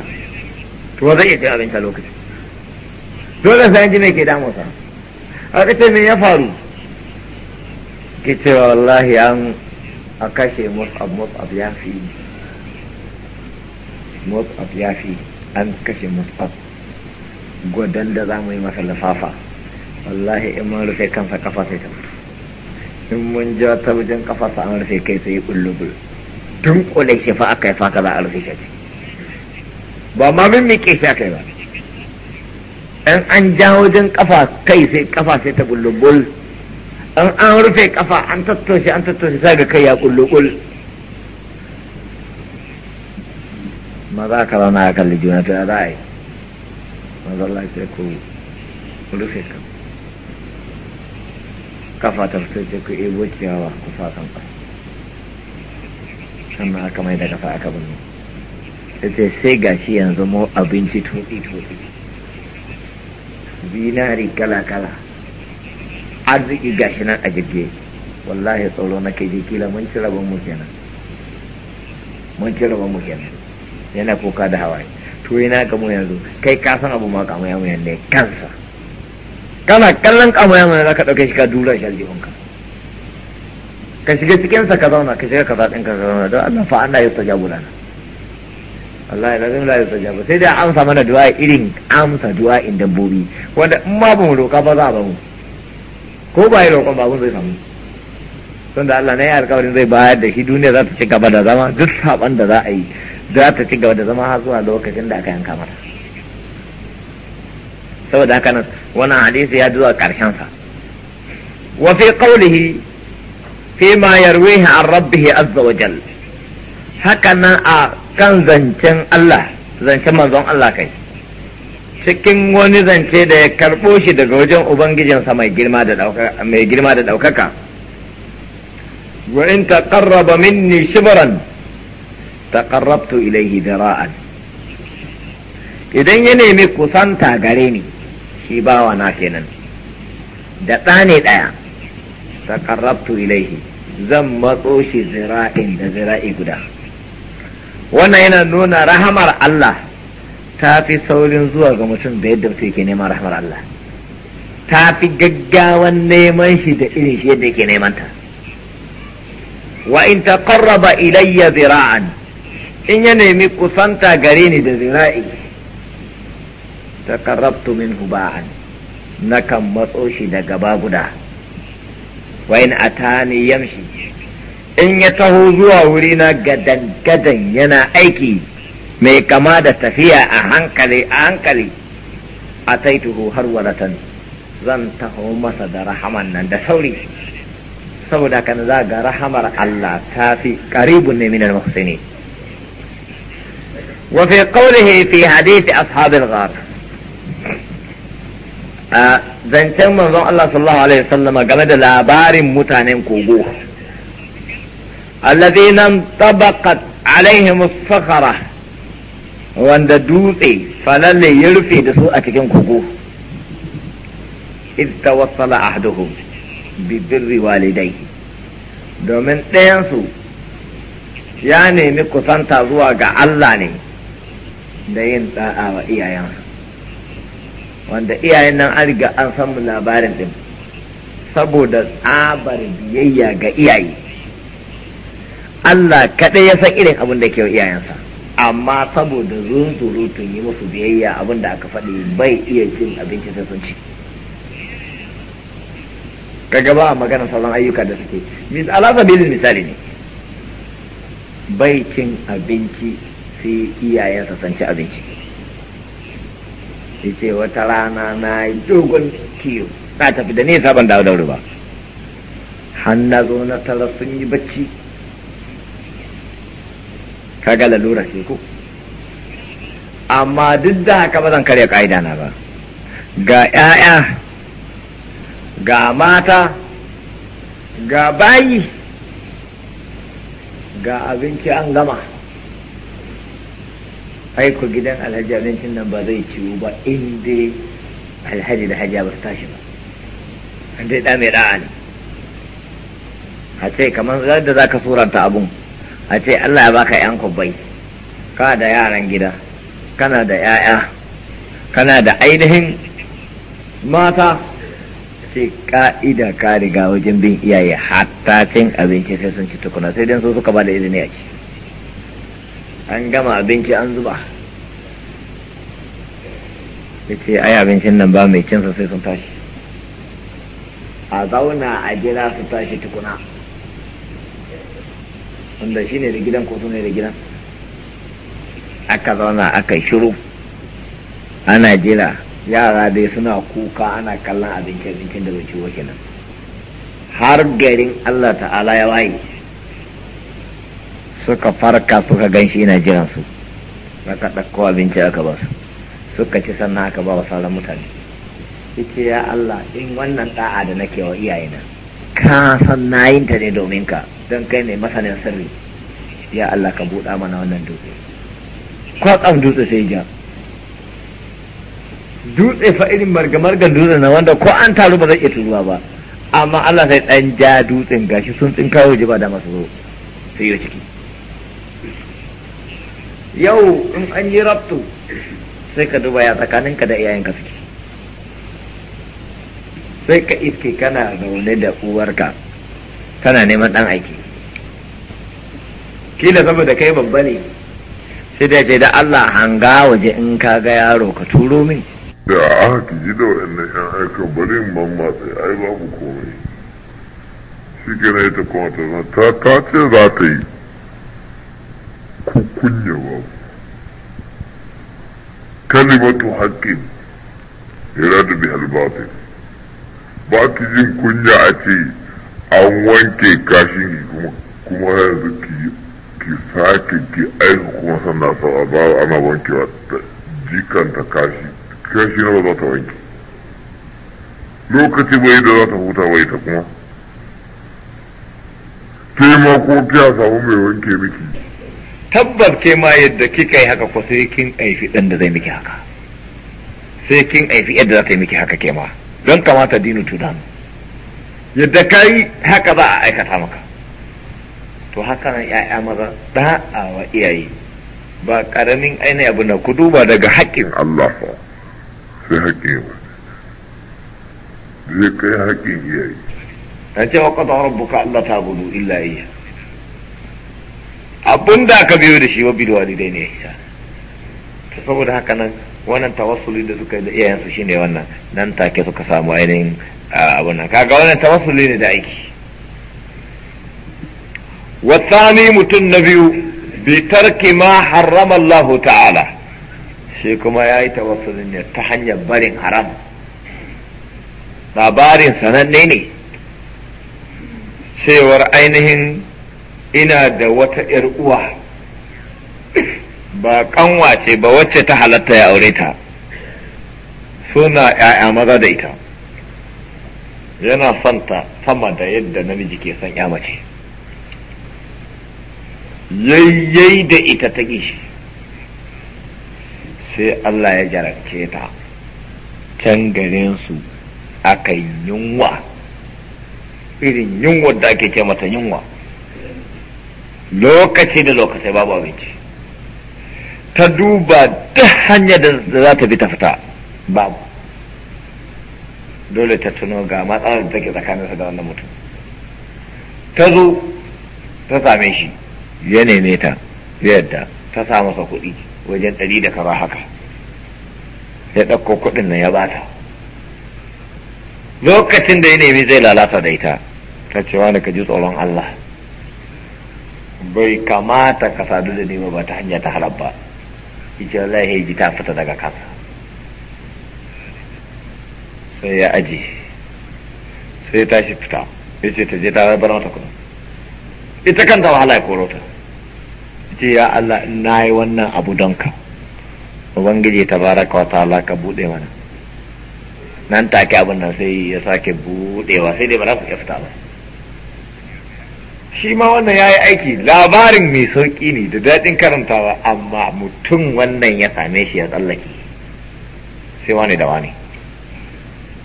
to zai iya cin abinci a lokaci. dole sai ji me ke damunsa a ce me ya faru ki cewa wallahi an a kashe mus'ab mus'ab ya fi mus'ab ya fi an kashe mus'ab gwadon da za mu yi masa lafafa wallahi in mun rufe kansa kafa sai ta in mun ja ta wajen kafa sa an rufe kai sai ya kullubul tun kule shi fa aka yi fa ka za a rufe shi ba ma min mi ke sha kai ba in an ja wajen kafa kai sai kafa sai ta bullubul an an rufe kafa an tattoshe an tattoshe sai ga kai ya kullu kul za ka rana ya kalli juna ta za a yi Allah ce ku rufe kan kafa ta fito ce ku ebo ciyawa ku fa kan ka sannan aka mai da kafa aka binne Ita ce sai shi yanzu mu abinci tuɗi-tuɗi zinari kala-kala arziki gashi nan a jirge wallahi tsoro na kai ji kila mun ci rabon mu kenan mun ci rabon mu kenan yana kuka da hawaye to ga mu yanzu kai ka san abu ma kamo yamu ne kansa kana kallon kamo yamu ne zaka dauke shi ka dura shi aljihun ka ka shiga cikin sa ka zauna ka shiga kaza din ka zauna don Allah fa Allah ya tajabu lana Allah ya lazim la ya tajabu sai dai amsa mana du'a irin amsa du'a in dabbobi wanda in ma ba mu roka ba za a ba mu ko ba yi roƙon ba zai samu don da Allah na yi alkawarin zai bayar da shi duniya za ta ci gaba da zama duk saban da za a yi za ta ci gaba da zama har zuwa lokacin da aka yanka mata saboda haka nan wannan hadisi ya zuwa ƙarshen sa wa fi qawlihi fi ma yarwihi an rabbih azza wa jalla haka nan a kan zancen Allah zancen manzon Allah kai cikin wani zance da ya karɓo shi daga wajen ubangijinsa mai girma da ɗaukaka wa in taqarraba minni shibran ilaihi da dira'an idan ya nemi kusanta gare ni shi bawa na kenan da ɗane ɗaya taqarrabtu ilaihi. zan matso shi zira'in da zira'i guda wannan yana nuna rahamar Allah ta fi saurin zuwa ga mutum da yadda mutum ke neman rahmar Allah ta fi gaggawan neman shi da irin shi yadda yake neman ta wa in ta taqarraba ilayya zira'an in ya nemi kusanta gare ni da zira'i min huba'an na nakan matso shi da gaba guda wa in atani yamshi in ya taho zuwa wurina gadan gadan yana aiki mai kama da tafiya a hankali a hankali a taituhu har waratan zan taho masa da rahaman nan da sauri saboda kan za ga rahamar Allah ta fi karibun ne minal muhsini wa fi qawlihi fi hadith ashabil ghar a zancen manzon Allah sallallahu alaihi wasallam game da labarin mutanen kogo alladhina tabaqat alaihim as-sakhara wanda dutse falalle ya rufe da su a cikin kogo ittawassala ahduhum bi birri walidai domin ɗayansu ya nemi kusanta zuwa ga Allah ne da yin da'a wa iyayensa wanda iyayen nan an riga an samu labarin ɗin, saboda tsabar biyayya ga iyaye Allah kaɗai ya san irin abin da ke wa iyayensa amma saboda zunzurutun yi musu biyayya abin aka faɗi bai iya cin abinci sai sun ci kaga ba magana sauran ayyuka da suke mis alasa misali ne bai cin abinci sai iyayensa sun ci abinci ya ce wata rana na yi dogon kiyo na tafi da nesa ban dawo da wuri ba har na zo na tara sun yi bacci kaga lalura shi ko amma duk da haka ba zan karya ka'ida na ba ga 'ya'ya ga mata ga bayi ga abinci an gama aiko gidan alhaji abincin nan ba zai ciwo ba inda alhaji da hajiya ba su tashi ba an dai ɗa mai ɗa'a ne a ce kamar da za ka suranta abun a ce Allah ya baka yan kubbai ka da yaran gida kana da yaya kana da ainihin mata ce ka'ida ka riga wajen bin iyaye hatta cin abinci sai sun ci tukuna sai dai su suka ba da izini a ci an gama abinci an zuba ya ce ai abincin nan ba mai cinsa sai sun tashi a zauna a jira su tashi tukuna wanda shi ne da gidan ko ne da gidan aka zauna aka shiru ana jira yara dai suna kuka ana kallon abincin abincin da bai wa kenan har garin Allah ta'ala ya waye suka farka suka gan shi yana jiran su aka ɗauko abinci aka ba su suka ci sannan aka ba wa sauran mutane ya Allah in wannan da'a da nake wa iyayena ka san na ta ne domin ka don kai ne masanin sirri ya Allah ka buɗa mana wannan dutse Ko kan dutse sai ja dutse fa irin margamargan dutse na wanda ko an taru ba zai iya turuwa ba amma Allah sai dan ja dutsen gashi sun kawo ji ba da masu zo sai ya ciki yau in an yi rabtu sai ka duba ya tsakaninka da iyayenka suke sai ka iske kana zaune da uwarka kana neman ɗan aiki kila saboda kai babba ne sai da ce da Allah hanga waje in ka ga yaro ka turo min da aka ki ji da waɗannan yan aika bari in ban matsayi ai babu komai shi ke na ita kuma ta ta ce za ta yi kunya babu kalimatu haƙƙin iradu bi batil ba ki jin kunya a ce an wanke kashin ki kuma yanzu ki sake ki aiki kuma sannan sawa ba ana wankewa jikanta kashi kashi na ba za ta wanke lokaci bai da za ta huta bai ta kuma ke ma ko kiya samu mai wanke miki tabbab ke ma yadda kika yi haka ko sai kin aifi dan da zai miki haka sai kin aifi yadda za ta yi miki haka ke ma don kamata dinu tunan yadda ka yi haka za a aikata maka to haka nan ya'ya maza da'a wa iyaye ba karamin aini abu na kudu ba daga haƙƙin Allah ba sai haƙƙin ba zai kai haƙƙin iyaye ta ce wa ƙasa rabbuka Allah ta gudu illa iya abin da aka biyo da shi wa bilwali dai ne ya saboda haka nan wannan tawassuli da suka yi da iyayensu shine wannan nan take suka samu ainihin abun nan kaga wannan tawassuli ne da aiki wasani mutum na biyu bi tarki ma harrama Allah ta'ala shi kuma ya yi tawassulin ne ta hanyar barin haram labarin sananne ne cewar ainihin ina da wata 'yar uwa ba kanwa ce ba wacce ta halatta ya aure ta suna ‘ya'ya maza da ita yana santa sama da yadda namiji ke son ya mace yayyai da ita ta gishi. sai Allah ya jarabce ta can su aka yunwa irin yunwa da ake ce mata yunwa lokaci da lokaci babu abinci ta duba duk hanya da za ta bi ta fita babu dole ta tuno ga matsalar da take tsakaninsa da wannan mutum ta zo ta same shi ya neme ta yadda ta sa masa kuɗi wajen ɗari da kaba haka ya ɗauko kuɗin nan ya bata lokacin da ya nemi zai lalata da ita ta ce ne ka ji tsoron Allah bai kamata ka sadu da nema ba ta hanya ta halar ba ita wallahi ji ta fita daga kasa sai ya aji sai ta shi fita ya ce ta je ta bar mata kudin ita kanta wahala ya koro ta ce ya Allah na yi wannan abu don ka ubangiji ta bara wa ta'ala ka buɗe mana nan take abin nan sai ya sake buɗewa sai dai ba za ku iya fita ba shi ma wannan ya yi aiki labarin mai sauƙi ne da daɗin karantawa amma mutum wannan ya same shi ya tsallake sai wani da wani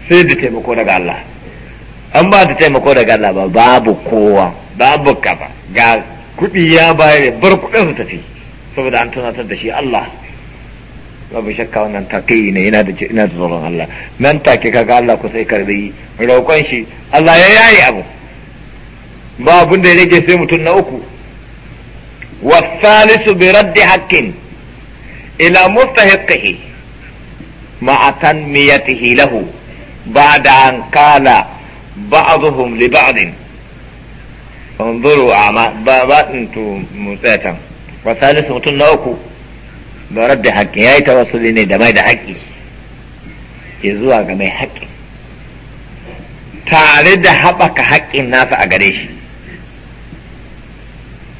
sai da taimako daga Allah an ba da taimako daga Allah ba babu kowa babu kafa ga kuɗi ya bayar bar kuɗin su tafi saboda an tunatar da shi Allah babu shakka wannan takai ne ina da ina da tsoron Allah nan take kaga Allah kusa ya karbi roƙon shi Allah ya yayi abu ba abin da ya rage sai mutum na uku wasalisu bi raddi haqqin ila mustahiqihi ma'a tanmiyatihi lahu ba'da an qala ba'dhum li ba'din انظروا ba ba انتم متاتا وثالث mutum na uku ba radda ya yi tawassuli ne da mai da haƙƙi ya zuwa ga mai haƙƙi tare da haɓaka haƙƙin nasa a gare shi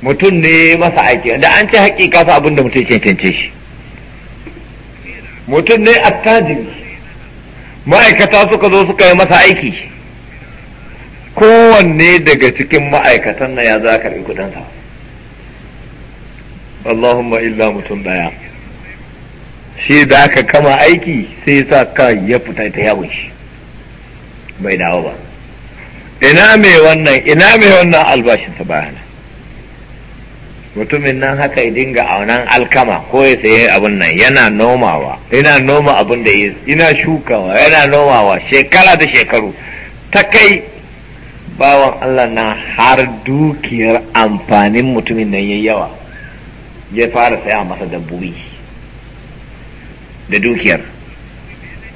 mutum ne masa aiki da an ce hakika sa abinda mutum ya cancance shi mutum ne attajiri ma'aikata suka zo suka yi masa aiki kowanne daga cikin ma'aikatan na ya za ka karɓi kudansa Allahumma illa mutum ɗaya shi da aka kama aiki sai sa ka ya fita ta yawon shi bai dawo ba ina mai wannan ina mai wannan albashinsa bayana mutumin nan haka ya dinga nan alkama ko ya sayi abin nan yana nomawa yana noma abin da ya ina shukawa yana nomawa shekara da shekaru ta kai bawan Allah na har dukiyar amfanin mutumin nan ya yawa ya fara saya masa dabbobi da dukiyar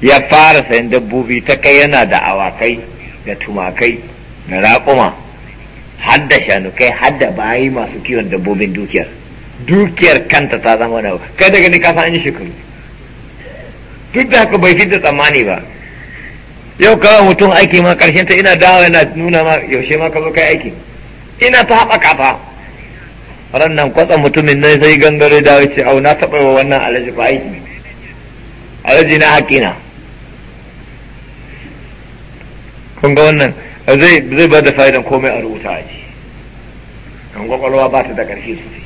ya fara sayan dabbobi ta kai yana da awakai da tumakai da raƙuma hadda shanu kai hadda ba yi masu kiwon dabbobin dukiyar dukiyar kanta ta zama nawa kai daga ni ka san shekaru duk da haka bai da tsammani ba yau kawai mutum aiki ma karshen ta ina dawo yana nuna ma yaushe ma ka zo kai aiki ina ta haɓaka kafa ran nan kwatsa mutumin nan sai gangare dawo ce au na taɓa wa wannan alaji ba aiki alaji na haƙina kun ga wannan zai zai ba da fa'idan komai a rubuta a ji don kwakwalwa ba ta da ƙarfi sosai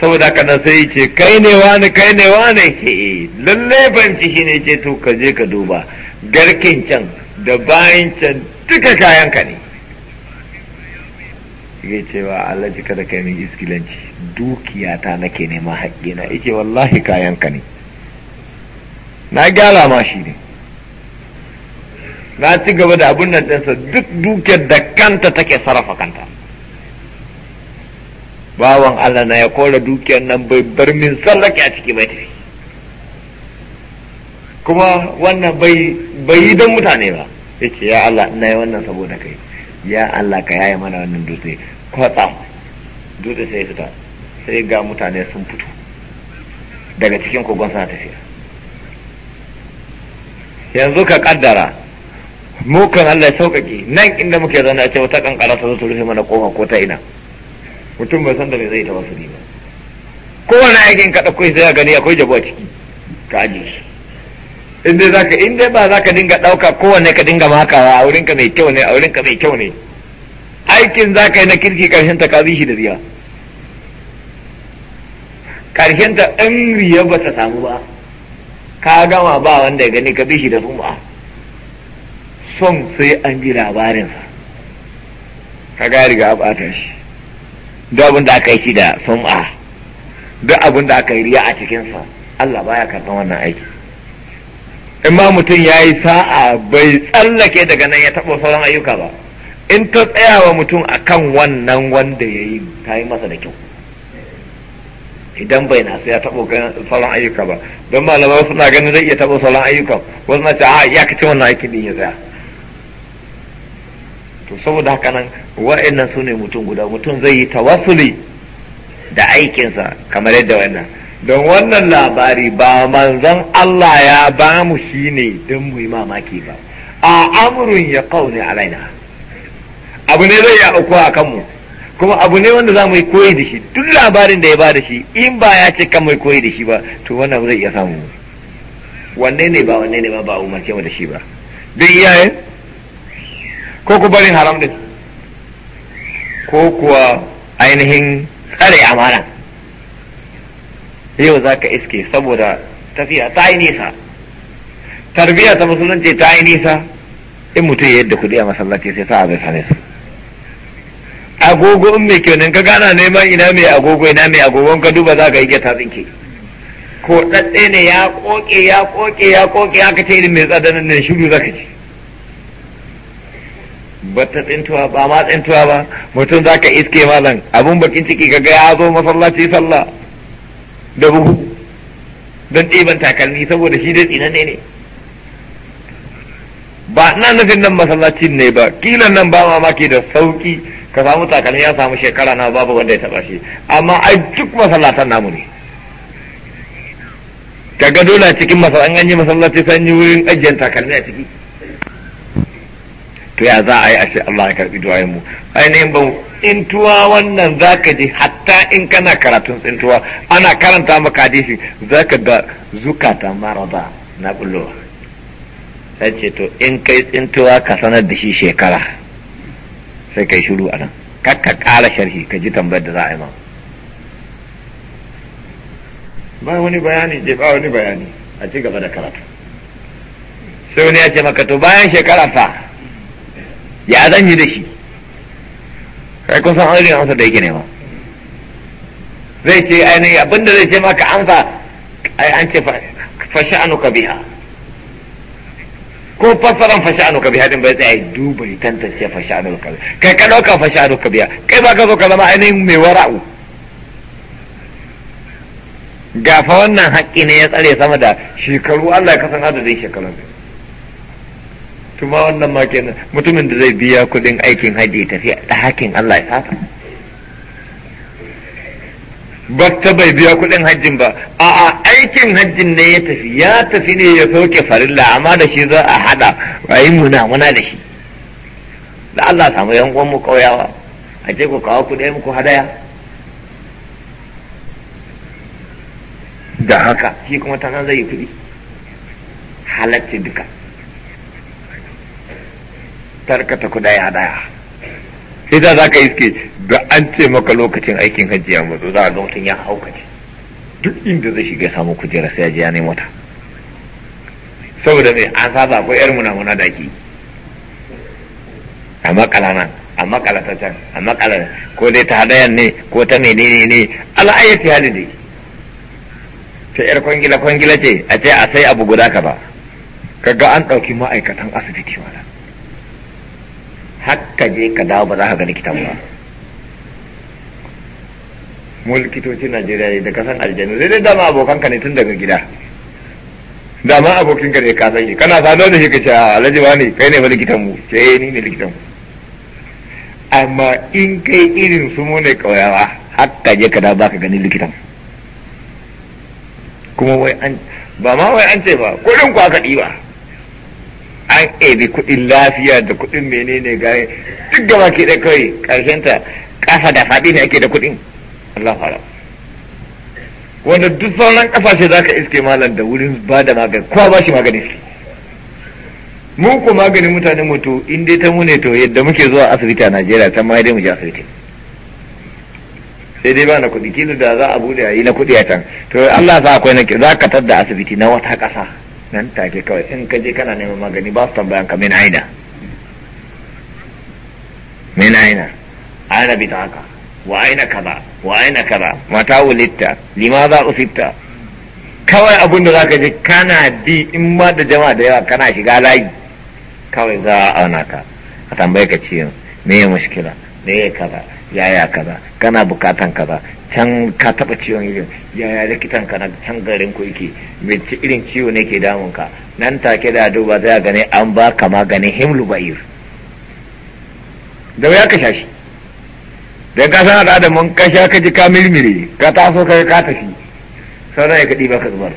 saboda haka nan sai ce kai ne wani kai ne wani ke lalle banci shi ne ce to ka je ka duba garkin can da bayan can duka kayan ka ne ya cewa Allah ji kada kai min iskilanci dukiya ta nake nema haƙƙina na wallahi kayan ka ne na gyara ma shi ne na ci gaba da abin nan ɗinsa duk dukiyar da kanta take sarrafa kanta bawan Allah na ya kora dukiyar nan bai bar min sallake a ciki bai tafi kuma wannan bai yi don mutane ba ya ce ya Allah na yi wannan saboda kai ya Allah ka yaya mana wannan dutse kwatsa dutse sai fita sai ga mutane sun fito daga cikin kogon suna tafiya yanzu ka kaddara Mukan Allah ya sauƙaƙe nan inda muke zana ce wata kankara ta zo rufe mana kofa ko ta ina mutum bai san da me zai ta wasu ba kowane aikin ka ɗauko sai ya gani akwai jabo a ciki ka aje shi in dai zaka in dai ba zaka dinga ɗauka kowanne ka dinga makawa a wurinka mai kyau ne a wurinka mai kyau ne aikin zaka yi na kirki karshen ta ka shi da riya karshen ta ɗan riya ba ta samu ba ka gama ba wanda ya gani ka bi shi da sum'a son sai an ji labarinsa ka ga riga bata shi duk abin da aka yi shi da sum'a duk abin da aka yi riya a cikinsa Allah baya karɓar wannan aiki in ma mutum ya yi sa'a bai tsallake daga nan ya taɓa sauran ayyuka ba in ta tsaya wa mutum a kan wannan wanda ya yi ta yi masa da kyau idan bai nasu ya taɓo sauran ayyuka ba don malamai suna ganin zai iya taɓo sauran ayyuka wasu na ce a ya kace wannan aikin din ya tsaya to saboda haka nan wa'annan su ne mutum guda mutum zai yi tawassuli da aikinsa kamar yadda wannan don wannan labari ba manzon Allah ya ba mu shi ne don mu yi mamaki ba a amurin ya a alaina abu ne zai ya auku a kanmu kuma abu ne wanda za mu yi koyi da shi duk labarin da ya ba da shi in ba ya ce kan mai koyi da shi ba to wannan zai iya samu wanne ne ba wanne ne ba ba umarce mu da shi ba duk iyayen ko ku barin haram din ko kuwa ainihin tsare amana yau za ka iske saboda tafiya ta yi nisa tarbiyya ta musulunci ta yi nisa in mutum ya yadda kuɗi a masallaci sai sa a zai sane su agogo in mai kyau nan ka gana neman ina mai agogo ina mai agogon ka duba za ka yi ta tsinke ko ɗaɗɗe ne ya ƙoƙe, ya ƙoƙe, ya ƙoƙe, haka ce irin mai tsadanin nan shiru za ka ce bata tsintuwa ba ma tsintuwa ba mutum zaka iske malam abun bakin ciki kaga ya zo masallaci sallah da buhu don ɗiban takalmi saboda shi dai tsinanne ne ba na nufin nan masallacin ne ba kila nan ba ma ke da sauki ka samu takalmi ya samu shekara na babu wanda ya taba shi amma ai duk masallatan namu ne kaga dole cikin masallaci an yi masallaci sanyi wurin ajiyar takalmi a ciki to ya za a yi a ce Allah ya karbi duwayen mu ainihin ban tuwa wannan zaka ji hatta in kana karatun tuwa ana karanta maka hadisi zaka ga zukata maraba na bullowa sai ce to in kai tuwa ka sanar da shi shekara sai kai shiru a nan kakka ƙara sharhi ka ji tambayar da za a yi ma ba wani bayani je ba wani bayani a ci gaba da karatu sai wani ya ce maka to bayan shekara ta. ya zan yi da shi kai kun san ne Amsa da yake nema zai ce ainihi abinda zai ce maka amsa ai an ce fasha'anuka biha ko fassaran fasha'anuka biha din bai tsaya duba ya tantance fasha'anuka biha kai ka dauka fasha'anuka biha kai ba ka zo ka zama ainihin mai wara'u gafa wannan haƙƙi ne ya tsare sama da shekaru Allah ya kasan adadin shekarun kuma wannan ma kenan mutumin da zai biya kudin aikin hajji tafi da hakin Allah ya sata ta bai biya kudin hajjin ba a aikin hajjin ne ya tafi ya tafi ne ya sauke farilla amma da shi za a hada rayu muna muna da shi da Allah samu yan uwan mu kauyawa a ce ku kawo kudi muku hadaya da haka shi kuma tana zai yi kudi halacci duka tarkata kudaya daya sai da za ka iske da an ce maka lokacin aikin hajji ya mutu za a ga mutum ya haukace duk inda zai shiga samu kujera sai ya je ya nemo ta saboda mai an saba ko yar munamuna da ke a makala nan a makala ta can a makala ko dai ta hadayan ne ko ta ne ne al'ayyati hali dai ta yar kwangila kwangila ce a ce a sai abu guda ka ba kaga an ɗauki ma'aikatan asibiti mana hakka je ka dawo ba za ka ga likitan ba mu likitocin najeriya ne da kasan aljanu sai dai dama ka ne tun daga gida dama ka ne ka san kana sano da shi ka ce alhaji ne kai ne ba likitan mu ce eh, ni ne likitan mu amma in kai irin su mu ne kauyawa hakka je ka dawo ba ka gani likitan kuma wai an ba ma wai an ce ba kuɗin ku aka ɗiba an ebe kuɗin lafiya da kuɗin menene gare duk da ke da kawai ƙarshenta ƙasa da faɗi ne ake da kuɗin Allah fara wanda duk sauran ƙasashe za ka iske malam da wurin ba da magani kowa ba shi magani su mu ko maganin mutane mutu in dai ta mune to yadda muke zuwa asibiti a Najeriya ta ma dai mu je asibiti sai dai ba na kuɗi kilo da za a bude a yi na kuɗi a can to Allah sa akwai na za ka da asibiti na wata ƙasa nan take kawai in ka je kana neman magani ba su tambayan ka min aina min aina aina bi haka wa aina kaza wa aina kaza mata wulitta limaza usitta kawai abun da zaka je kana bi in ma da jama'a da yawa kana shiga layi kawai za a auna ka a tambaye ka ciyon me ya mushkila me ya kaza yaya kaza kana bukatan kaza can ka taba ciwon irin yaya likitan ka na can garin ku yake mece irin ciwo ne ke damun ka nan take da duba za gane an ba ka magani himlu ba'ir da ya kasha shi da ka san da mun kasha ka ji ka mirmire ka taso ka ka tafi sauran ya ka baka zubar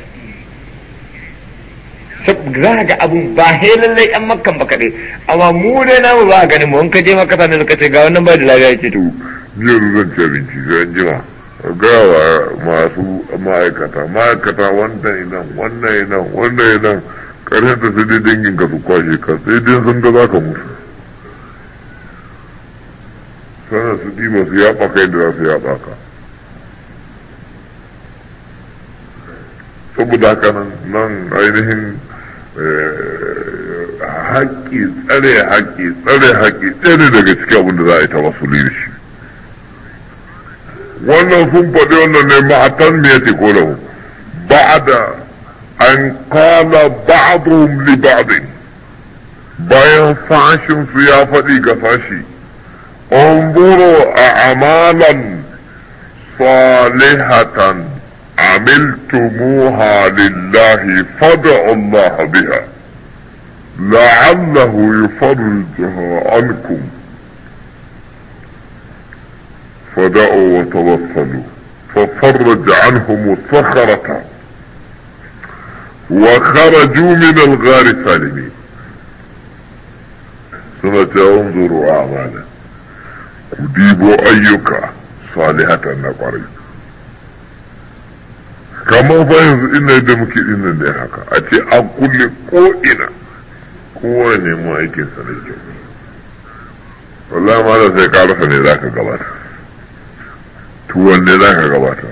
za ga abun ba he lallai yan makkan ba kaɗai amma mu dai namu ba a gani mu in ka je maka sanar da ka ce ga wannan ba da lafiya ce to jiya zan ci abinci sai jima jima gawa masu ma'aikata ma'aikata wannan idan wannan idan wannan idan karshen ta sai dai dangin ka su kwashe ka sai dai sun ga za ka musu sannan su ɗiba su ya ka yadda za su ya ka saboda haka nan nan ainihin eh, haƙƙi tsare haƙƙi tsare haƙƙi tsare daga cikin abinda za a yi ta wasu da shi wannan sun faɗi wannan ne ma'atan me yake kolahum ba'da an qala ba'dhum li ba'd bayan fashin su ya faɗi ga fashi انظروا أعمالا صالحة عملتموها لله فادعوا الله بها لعله يفرجها عنكم فدعوا وتوصلوا ففرج عنهم الصخرة وخرجوا من الغار سالمين سنة انظروا اعمالا كديبوا ايك صالحة نقري كما فايز ان دمك ان دهك اتي اقول قوئنا قواني ما ايكي سنة والله ما لا سيكارفني ذاك قبل to wanne za ka gabata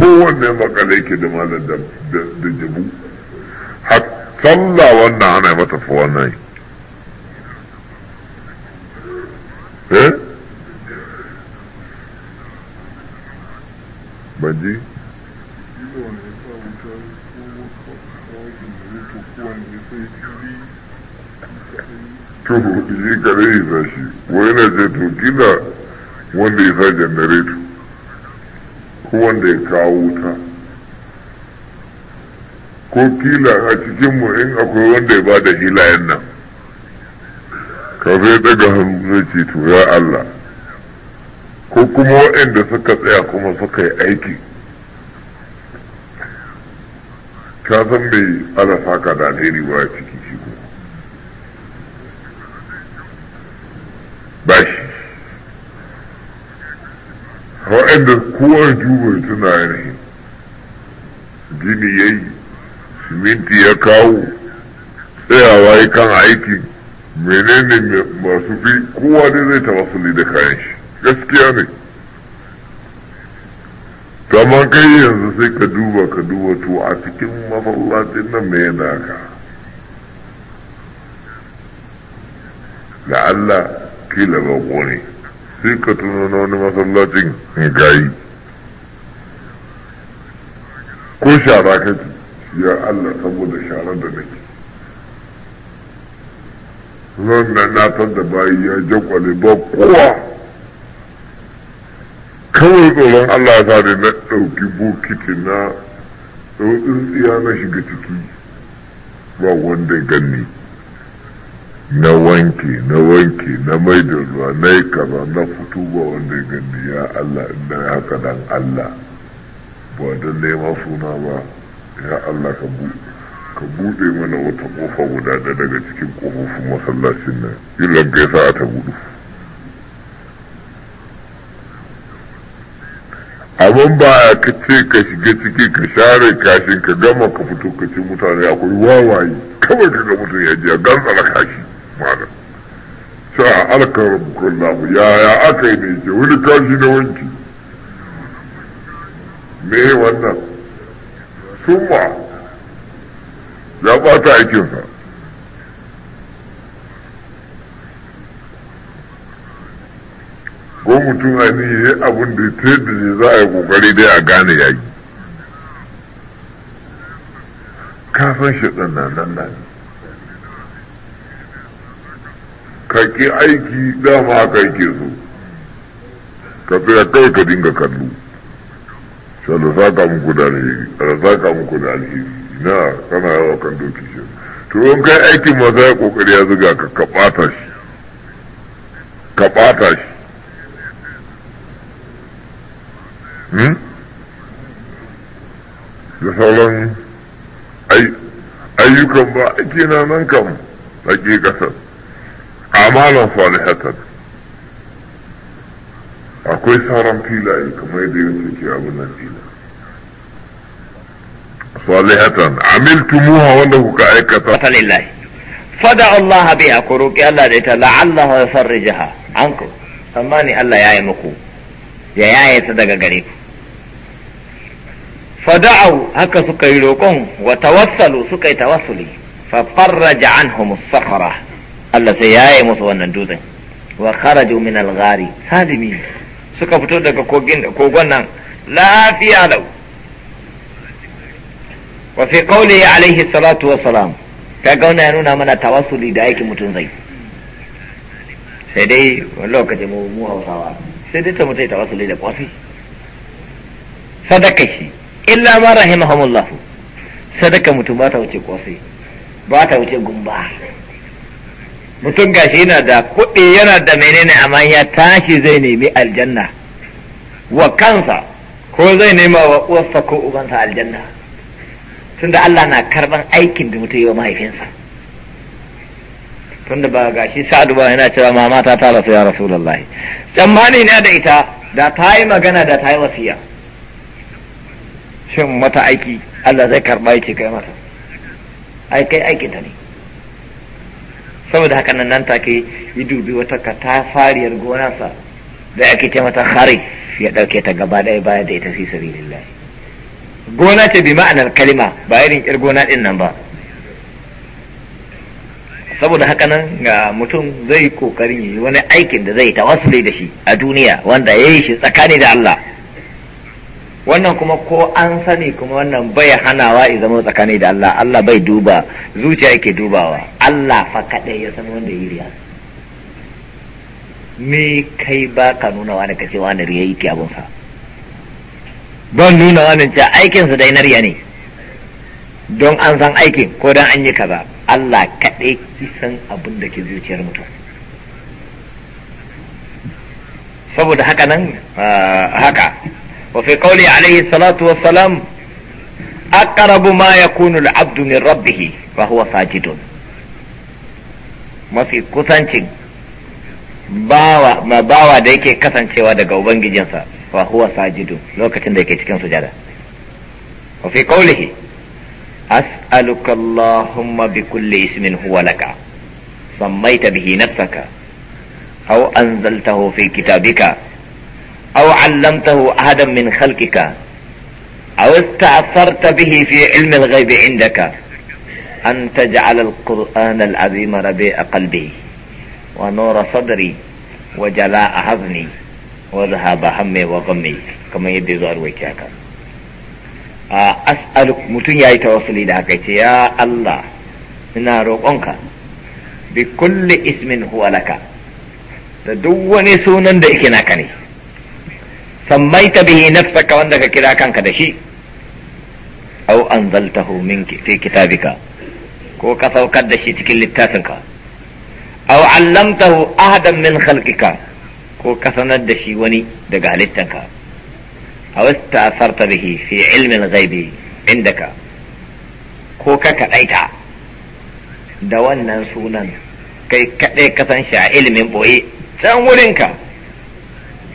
kowanne makale ke da malar da jibu sallah wannan ana mata fa wannan yi eh? baji to shi kare yi shi wani na ce to kila wanda ya sa janareto ko wanda ya kawo wuta ko kila a cikinmu in akwai wanda ya bada da hilayen nan kafin daga hannu zai ce to ya Allah ko kuma waɗanda suka tsaya kuma suka yi aiki ka san bai ala saka da alheri ba ciki shi ba shi waɗanda kowa juba tuna ne gini ya yi siminti ya kawo tsayawa ya kan aiki menene masu fi kowa dai zai masu da kayan shi gaskiya ne kamar kai yanzu sai ka duba ka duba to a cikin masallacin nan mai yana ka la'alla kila ba ne sai ka tuno na wani masallacin gayi ko shara kake ya Allah saboda sharar da nake zan da na da bayi ya jakwale ba kowa kawai tsoron Allah ya sa na ɗauki bokiti na tsiya na shiga ciki ba wanda ganni na wanke na wanke na mai da ruwa na yi kaza na fito ba wanda ya gani ya Allah inda ya haka dan Allah ba don neman suna ba ya Allah ka buɗe mana wata ƙofa guda da daga cikin kofofin masallacin nan ilan gaisa a ta buɗu abin ba a ka ce ka shiga ciki ka share kashin ka gama ka fito ka ce mutane akwai wawaye kawai ka ga mutum ya ji a gansa na kashi malam sha alka rabbukun ya yaya aka yi ne ke wani kashi da wanki me wannan summa ya bata aikinsa ko mutum a ni ya abin da ta yadda ne za a yi kokari dai a gane yayi kafin shi ɗan nan nan ne ka ƙi aiki dama aka yake so ka tsaya kai ka dinga kallo shi za saka muku da alheri za saka muku da alheri na kana yawa kan doki shi to in kai aikin ma sai kokari ya zuga ka ka shi ka shi hmm? da sauran ayyukan ba ake na nan kam hakikatar amalan salihatan akwai sauran filaye kamar yadda yin suke abin nan fila salihatan amiltumuha wanda kuka aikata salillah fada Allah biha ku roki Allah da ita la'allahu yasarrijaha anku tsammani Allah ya yi muku ya yaye ta daga gare ku fada'u haka suka yi roƙon wa tawassalu suka yi tawassuli fa Allah sai yi musu wannan dutsen wa kharaju min al-ghari salimi suka fito daga kogin kogon nan lafiya lau wa fi qawli alaihi salatu wa salam kaga wannan ya nuna mana tawassuli da aikin mutun zai sai dai lokaci mu mu Hausawa sai dai ta mutai tawassuli da kwafi sadaka shi illa ma rahimahumullah sadaka mutum ba ta wuce kwafi ba ta wuce gumba mutum gashi yana da kuɗi yana da menene amma ya tashi zai nemi aljanna wa kansa ko zai nema wa uwarsa ko ubansa aljanna tunda Allah na karban aikin da mutum yi wa mahaifinsa tunda ba gashi sa'adu ba yana cewa mama ta rasu ya ya rasulullahi tsammani na da ita da ta yi magana da ta yi wasiya shin mata aiki Allah zai karba ya ce kai mata ai kai aikinta ne saboda haka nan nan take yi dubi wata ta katafariyar gonarsa da ake ce mata kharif ya ɗauke ta gaba ɗaya baya da ita fi sabilillah gona ce bi ma'anar kalima ba irin kir gona din nan ba saboda haka nan ga mutum zai kokarin yi wani aikin da zai tawassuli da shi a duniya wanda yayi shi tsakani da Allah wannan kuma ko an sani kuma wannan bai hanawa ya zama tsakani da Allah Allah bai duba zuciya yake dubawa Allah fa kadai ya san wanda yi riya me kai ba ka nuna wani ka ce wani riya yake abun sa don nuna wani ce aikin su dai na riya ne don an san aikin ko don an yi kaza Allah kadai san abun da ke zuciyar mutum saboda haka nan ah, haka وفي قوله عليه الصلاة والسلام أقرب ما يكون العبد من ربه فهو ساجد mafi kusancin bawa bawa da yake kasancewa daga ubangijinsa fa huwa sajidun lokacin da yake cikin sujada wa fi qawlihi as'aluka allahumma bi kulli ismin huwa laka sammaita bihi nafsaka aw anzaltahu fi kitabika أو علمته أحدا من خلقك أو استأثرت به في علم الغيب عندك أن تجعل القرآن العظيم ربيع قلبي ونور صدري وجلاء حزني وذهب همي وغمي كما يدي زار ويكاكا آه، أسألك متن ياي توصلي لك يا الله من انك بكل اسم هو لك دواني سونا دائكنا sunan sammaita bihi nafsaka wanda ka kira kanka da shi au anzaltahu min fi kitabika ko ka saukar da shi cikin littafinka au allamtahu ahadan min khalqika ko ka sanar da shi wani daga halittanka au ista'sarta bihi fi ilmin ghaibi indaka ko ka kadaita da wannan sunan kai kadai kasan shi a ilimin boye can wurinka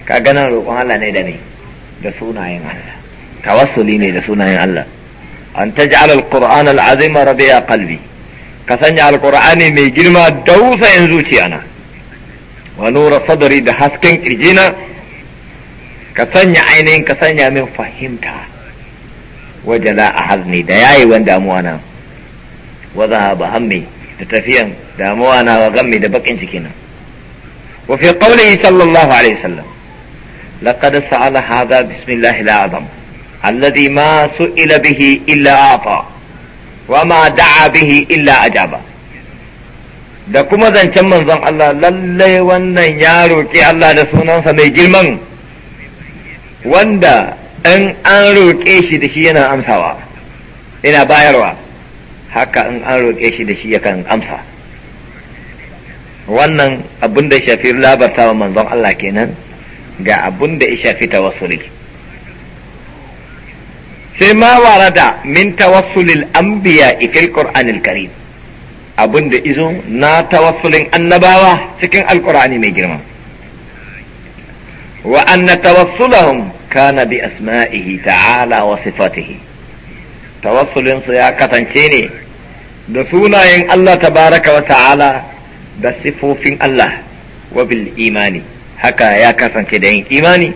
ka ganin roƙon Allah ne da ne da sunayen Allah tawassuli ne da sunayen Allah an taj'al al-qur'ana al-azima a qalbi ka sanya alƙur'ani mai girma dausayin zuciyana wa nura sadari da hasken kirjina ka sanya ainihin ka sanya min fahimta waje za a hazni da yayi wani damuwa na wa zahaba hammi da tafiyan damuwa na wa gammi da bakin ciki na wa fi qawlihi sallallahu alaihi sallam. لقد سأل هذا بسم الله الأعظم الذي ما سئل به إلا أعطى وما دعا به إلا أجاب da kuma zancen manzon Allah lallai wannan ya roƙi Allah da sunansa mai girman wanda in an roƙe shi da shi yana amsawa ina bayarwa haka in an roƙe shi da shi yakan amsa wannan abin da shafi labarta wa manzon Allah kenan ga abun da ya shafi tawassulil sai ma warada min tawassulil anbiya fil qur'anil karim abun da izo na tawassulin annabawa cikin alkur'ani mai girma wa anna tawassulahum kana bi asma'ihi ta'ala wa sifatihi tawassulin su ya kasance ne da sunayen Allah tabaraka wa ta'ala da sifofin Allah wa bil imani haka ya kasance da yin imani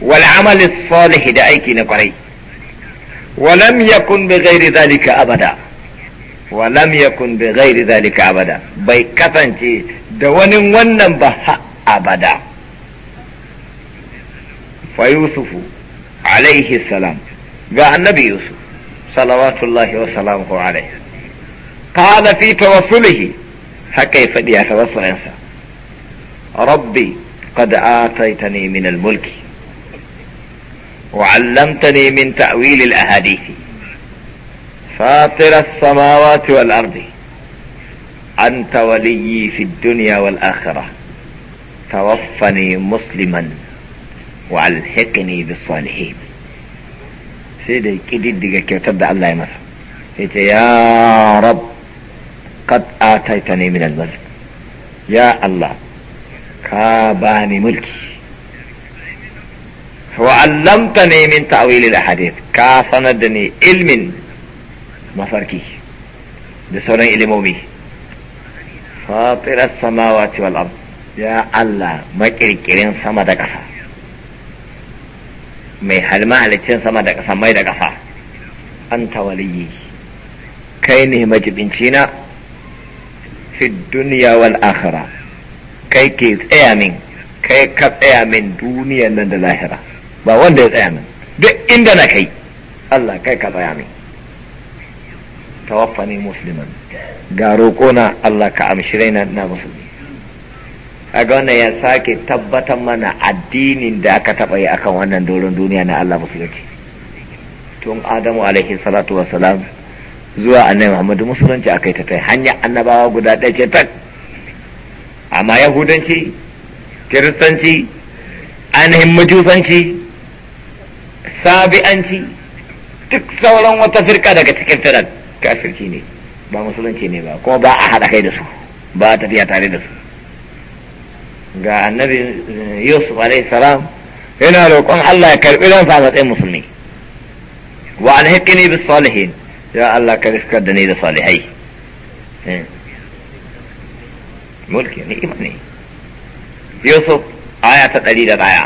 wal amali salih da aiki na kwarai walam yakun bi ghairi zalika abada walam yakun bi ghairi zalika abada bai kasance da wani wannan ba abada fa yusufu alaihi salam ga annabi yusuf salawatullahi wa salamuhu alaihi qala fi tawassulihi haka ya faɗi a tawassulinsa rabbi قد آتيتني من الملك وعلمتني من تأويل الأحاديث فاطر السماوات والأرض أنت ولي في الدنيا والآخرة توفني مسلما وألحقني بالصالحين سيدي كديدك كيف تبدأ الله يمسك يا رب قد آتيتني من الملك يا الله خابان ملكي وعلمتني من تأويل الأحاديث كاسندني علم مفركي بسورة إلمومي فاطر السماوات والأرض يا الله مكركرين سما دا مي حلما حلتين سما دا قصا مي أنت وليي كينه مجبنشينا في الدنيا والآخرة kai ke tsaya min kai ka tsaya min duniyan nan da lahira ba wanda ya tsaya min duk inda na kai Allah kai ka tsaya min tawaffani musliman ga roƙona Allah ka amshi raina na musulmi a ga wannan ya sake tabbatar mana addinin da aka taɓa yi akan wannan doron duniya na Allah musulunci tun Adamu alaihi salatu wasalam zuwa annabi Muhammadu musulunci akai ta tai hanya annabawa guda ɗaya ce tak amma yahudanci kiristanci ainihin majusanci sabi'anci duk sauran wata firka daga cikin firar kafirci ne ba musulunci ne ba kuma ba a haɗa kai da su ba a tafiya tare da su ga annabi yusuf alaihi salam yana roƙon allah ya karɓi don sa matsayin musulmi wa alhiqini bis salihin ya allah ka riskar da ni da salihai eh. ملك يعني إيماني يوسف آية قليلة بايا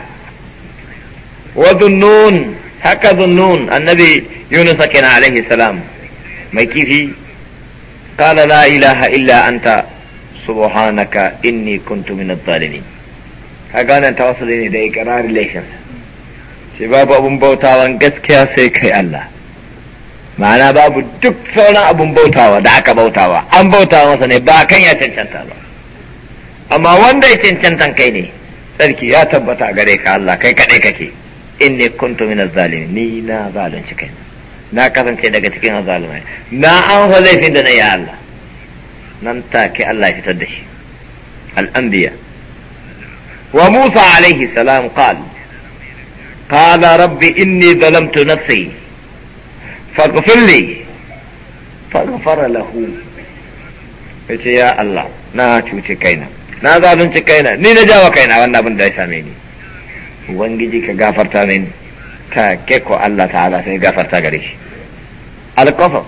وظنون حق ظنون النبي يونس كان عليه السلام ما كيفي قال لا إله إلا أنت سبحانك إني كنت من الظالمين هكذا أنت وصلني إلى إقرار ليش شباب أبو مبوتا وانقس كيا سيكي الله معنا باب دك سونا أبو مبوتا ودعك بوتا وان بوتا وصلني باكن يتنشان تالو amma wanda ya cancantan kai ne sarki ya tabbata gare ka Allah kai kaɗai kake in ne kuntu min zalimi ni na zalunci kai na kasance daga cikin azalumai na an fa laifin da na ya Allah nan take Allah ya fitar da shi al-anbiya wa Musa alaihi salam qala qala rabbi inni zalamtu nafsi faghfir li faghfara lahu yace ya Allah na cuce kaina na zalunci kaina ni na jawa kaina wannan abin da ya same ni ubangiji ka gafarta mini ta keko Allah ta'ala sai gafarta gare shi alƙafa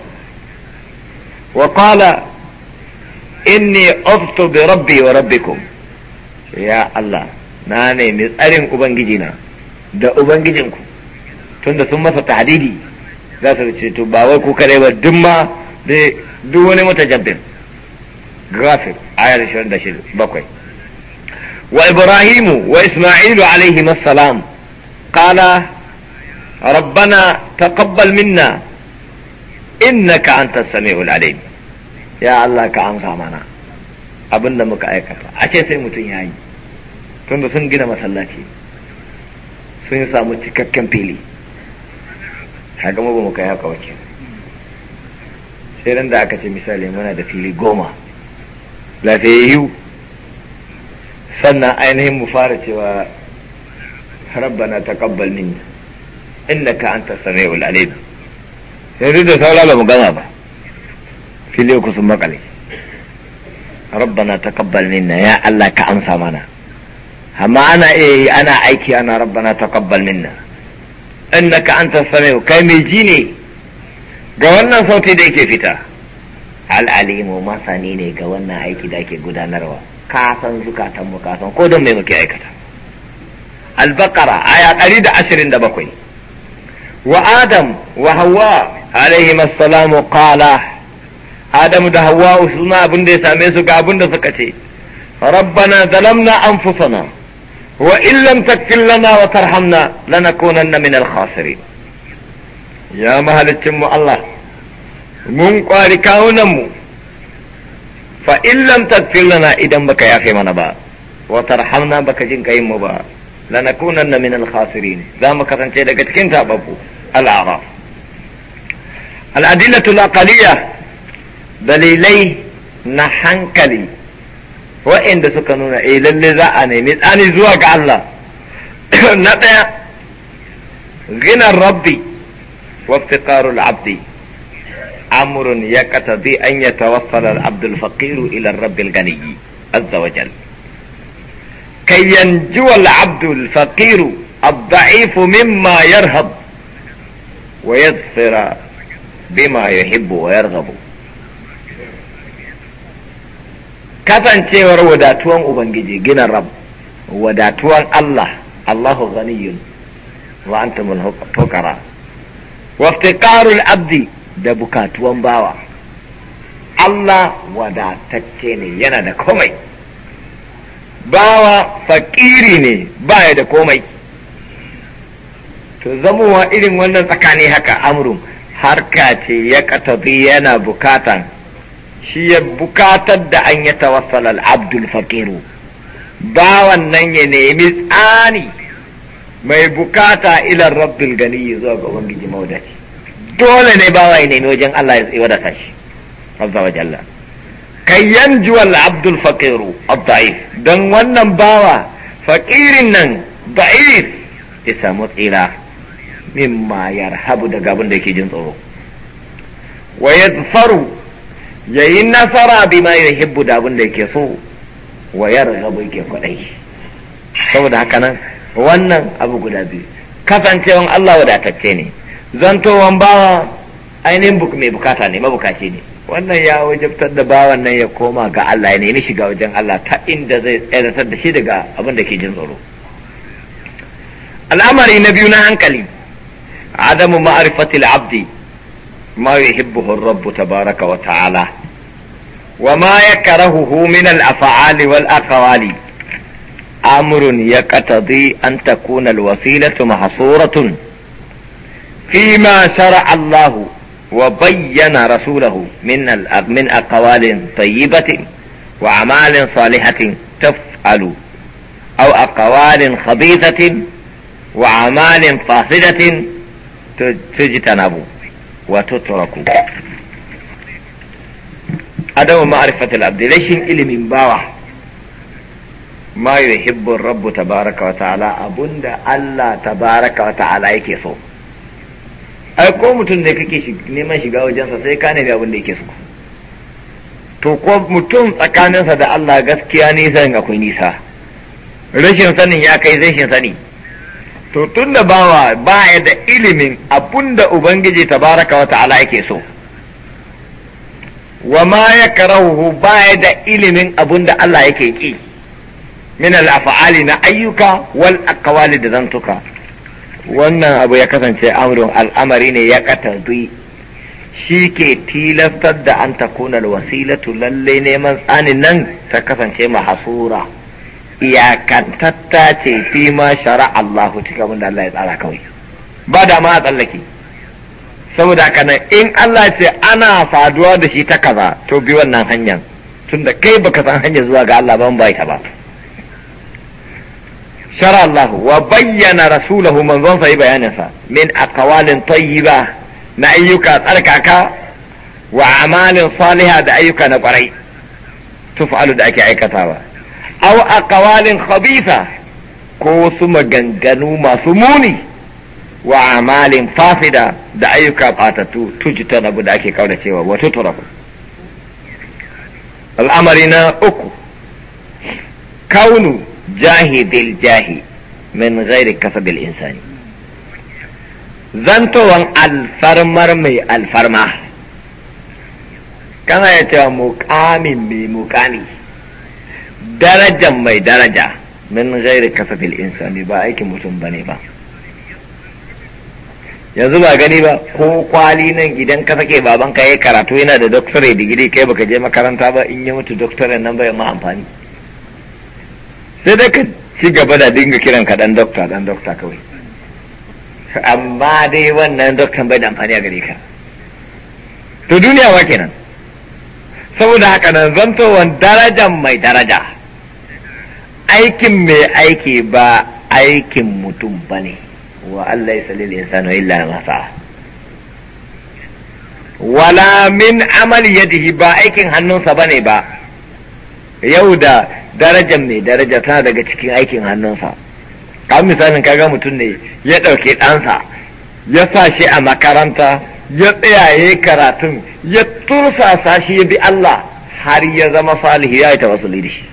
wa qala inni uftu bi rabbi wa rabbikum ya Allah na nemi tsarin ubangiji na da ubangijinku tunda sun masa tahdidi za su ce to ba wai ku kare ba duk ma duk wani mutajabbin غافر آية 26 بقي وإبراهيم وإسماعيل عليهما السلام قال ربنا تقبل منا إنك أنت السميع العليم يا الله كأنصى منا abin da muka aikata a ce sai mutum ya yi tunda sun gina masallaci sun samu cikakken fili haka mu ba mu haka wacce sai da aka ce misali muna da fili goma lafiyayyu sannan ainihin mu fara cewa rabbana taqabbal minni innaka anta samiul alim yanzu da saura ba mu gama ba fili ku sun makale rabbana taqabbal minna ya Allah ka amsa mana amma ana eh ana aiki ana rabbana taqabbal minna innaka anta samiu kai mai ji ne ga wannan sauti da yake fita al'alimu masani ne ga wannan aikin da ake gudanarwa ka san zukatan mu ka san ko don me muke aikata al-baqara aya 127 wa adam wa hawa alaihi assalamu qala adam da Hauwa suna abin da ya same su ga abin da suka ce rabbana zalamna anfusana wa in lam taghfir lana wa tarhamna lanakunanna min al-khasirin ya mahalicin mu Allah mun kwari kawunanmu fa illam tagfir lana idan baka yafe mana ba wa tarhamna baka jin kayin mu ba lanakunanna min al-khasirin za mu daga cikin tababbu al-araf al-adillatu al dalilai na hankali wa'inda suka nuna e eh, lallai za a nemi tsani zuwa ga Allah na ɗaya ghinar rabbi wa iftiqarul abdi امر يقتضي ان يتوصل العبد الفقير الى الرب الغني عز وجل كي ينجو العبد الفقير الضعيف مما يرهب ويظفر بما يحب ويرغب كفن تيور وداتوان أبنجي جنا الرب وداتوان الله الله غني وأنتم الفقراء وافتقار العبد da bukatuwan bawa Allah wadatacce ne yana da komai bawa fakiri ne baya da komai to zamowa irin wannan tsakani haka Amurum, harka ce ya katabi yana bukatan shi ya bukatar da an ya tawassal Abdul fakiru bawan nan ya nemi tsani mai bukata ila rabbil gani zuwa ga wangiji maudaci dole ne ba wai wajen Allah ya tsiwa da tashi azza wa jalla kayyan juwal abdul faqiru ad-da'if dan wannan bawa faqirin nan da'if ya samu tsira mimma yarhabu daga abin da yake jin tsoro wa yadfaru yayi nasara bima yuhibbu da abin da yake so wa yarhabu yake kwadai saboda haka nan wannan abu guda biyu kasancewan Allah wadatacce ne zantowan bawa ainihin mai bukata ne mabukaci ne wannan ya wajabtar da bawan nan ya koma ga Allah ne ni shiga wajen Allah ta inda zai tsayar da shi daga abin da ke jin tsoro al'amari na biyu na hankali adamu ma'rifatil abdi ma yuhibbuhu ar-rabb tabaraka wa ta'ala wa ma yakrahuhu min al-af'ali wal aqwali amrun yaqtadi an takuna al-wasilatu mahsuratan فيما شرع الله وبين رسوله من من أقوال طيبة وأعمال صالحة تفعل أو أقوال خبيثة وأعمال فاسدة تجتنب وتترك عدم معرفة العبد ليش إلي من باوة ما يحب الرب تبارك وتعالى أبند الله تبارك وتعالى يكي صوت ai ko mutum da kake neman shiga wajensa sai ka nemi abin da yake so to ko mutum tsakaninsa da Allah gaskiya ne nisan akwai nisa rashin sanin ya kai rashin sani to tun da bawa baya da ilimin abunda da ubangiji tabaraka wa ta'ala yake so wa ma ya karahu baya da ilimin abunda Allah yake ki min al na ayyuka wal aqwali da zantuka wannan abu ya kasance amurin al'amari ne ya katarbi shi ke tilastar da an takunar wasilatu lalle neman tsanin nan ta kasance mahasura iyakantatta ce fi ma shara Allah cika da Allah ya tsara kawai ba da ma a tsallake saboda haka nan in Allah ce ana faduwa da shi ta kaza to bi wannan hanyar tunda kai baka san hanyar zuwa ga Allah ban bai ta ba shara Allah wa bayyana rasulahu manzon bayanin sa min aqwalin tayyiba na ayyuka tsarkaka wa amalin saliha da ayyuka na kwarai tuf'alu da ake aikatawa aw aqwalin khabitha ko wasu maganganu masu muni wa amalin fasida da ayyuka batatu tujtanabu da ake kaudacewa wa tutraku al'amari na uku kaunu الجاهد الجاهي من غير كسب الإنسان زنتوان الفرمر مي الفرما كما يتوى مقام مي مقامي درجة مي درجة من غير كسب الإنسان بأيك متنبني با yanzu ba gani ba ko kwali nan idan ka sake babanka ya karatu yana da doctorate digiri kai baka je makaranta ba in yi mutu doctorate nan bai ma amfani sai dai ka ci gaba da dinga kiran ka dan dokta dan dokta kawai amma dai wannan doktan bai da amfani a gare ka to duniya wa kenan saboda haka nan zantowan darajan mai daraja aikin mai aiki ba aikin mutum ba ne wa Allah ya ya sanu illa masa wala min amal yadihi ba aikin hannunsa ba ne ba yau da darajar mai daraja tana daga cikin aikin hannunsa kan misalin kaga mutum ne ya ɗauke ɗansa ya sa shi a makaranta ya tsayaye karatun ya tursasa shi ya bi Allah har ya zama salihu ya yi ta da shi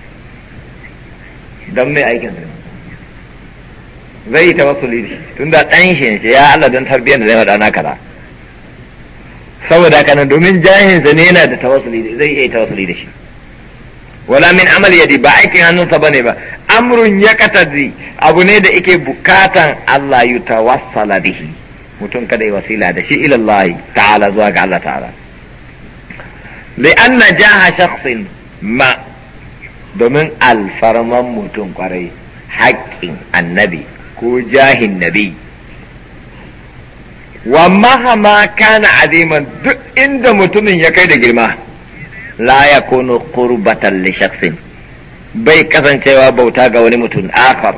don mai aikin zai yi ta da shi tun da ɗan shi ne ya Allah don tarbiyyar da zai faɗa na kara saboda kanan domin jahinsa ne yana da lidi zai iya wasu da shi wala min amal yadi ba aikin hannunsa bane ba amrun ya katazi abu ne da yake bukatan Allah ya tawassala bihi mutum kada wasila da shi ila Allah ta'ala zuwa ga Allah ta'ala li anna jaha shakhsin ma domin alfarman mutum kwarai haƙƙin annabi ko jahin nabi wa mahama kana aziman duk inda mutumin ya kai da girma لا يكون قربة لشخص بي كسن سوى بوتاق ونمت آخر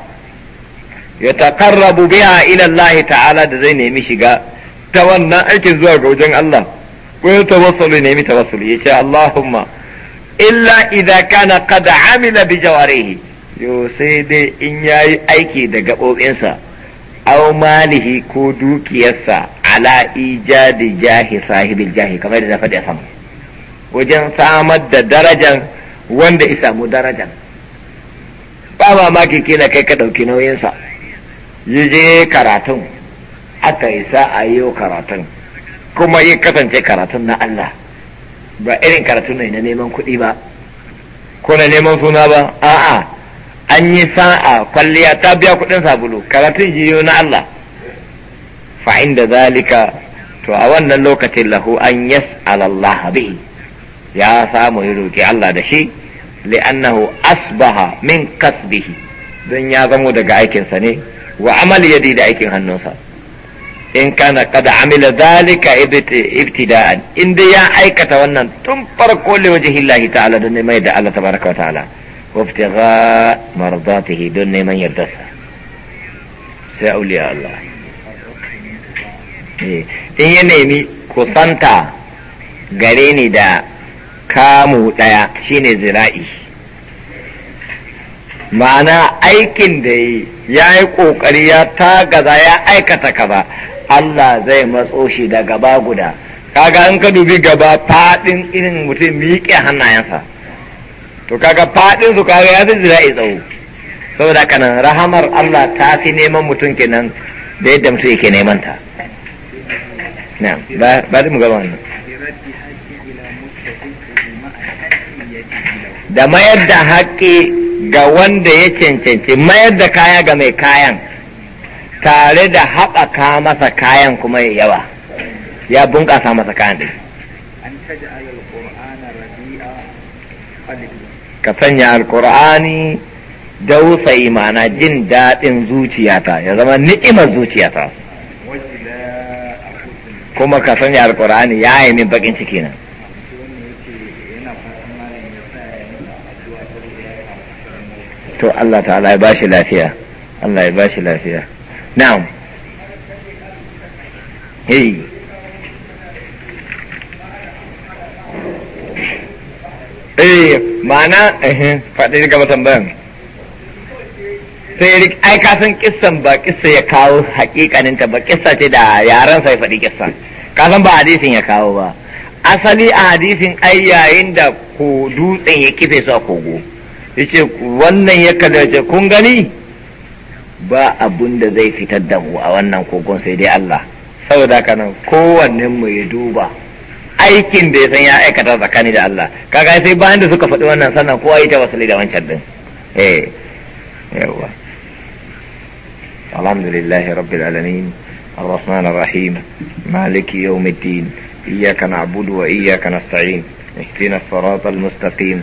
يتقرب بها إلى الله تعالى دزيني مشيقا تولى أيك زواج وجن الله ويتوصل نيمي توصل يشاء اللهم إلا إذا كان قد عمل بجواريه يوسيدي إن ياي أيكي دقاء إنسا أو ماله كودوكي يسا على إيجاد جاه صاحب الجاه كما إذا فدي أسمه wajen samar da darajan wanda ya samu darajan ba mamaki na kai ka ɗauki nauyinsa ya je karatun aka isa a yi karatun kuma ya kasance karatun na Allah ba irin karatun ne na neman kuɗi ba ko na neman suna ba a'a an yi sa'a kwalliya ta biya kuɗin sabulu karatun jiyo na Allah fa da zalika to a wannan lokacin lahu an yas'al Allah bihi ya samu ya roƙi Allah da shi li'annahu asbaha min kasbihi don ya zamo daga aikinsa ne wa amal yadi da aikin hannunsa in kana kada amila zalika ibtida'an in dai ya aikata wannan tun farko li wajhi Allah ta'ala don neman yadda Allah tabaraka wa ta'ala wa ibtigha mardatihi don neman sa sai auliya Allah eh, in ya nemi kusanta gare ni da kamu ɗaya shine zira'i ma'ana aikin da yi ya yi ƙoƙari ya ta tagaza ya aikata kaza Allah zai matso shi da gaba guda kaga in ka dubi gaba faɗin irin mutum miƙe hannayensa to kaga faɗin su kaga ya fi zira'i tsawo saboda kanan rahamar Allah ta fi neman mutum kenan da yadda mutum yake neman ta na ba mu gaba wannan da mayar da haƙƙi ga wanda ya cancanci mayar da kaya ga mai kayan tare da haɓaka masa kayan kuma ya yawa ya bunƙasa masa kayan da ka sanya alkur'ani dausa imana jin daɗin zuciyata ya zama ni'imar zuciyata kuma ka sanya alkur'ani ya yi min baƙin ciki nan to Allah ta'ala ya bashi lafiya Allah ya bashi lafiya na'am hey eh ma'ana eh faɗi daga tambayan sai ai ka san kissan ba kissa ya kawo hakikaninta ba kissa ce da yaran sai faɗi kissa ka san ba hadisin ya kawo ba asali a hadisin ai yayin da ko dutsen ya kife su a kogo yace wannan ya kadace kun gani ba abun da zai fitar da mu a wannan kogon sai dai Allah saboda haka nan mu ya duba aikin da ya san ya aikata tsakani da Allah kaga sai bayan da suka faɗi wannan sannan kowa ita tawassuli da wancan din eh yawa alhamdulillahi rabbil alamin الرحمن الرحيم مالك يوم الدين إياك نعبد وإياك نستعين اهدنا الصراط المستقيم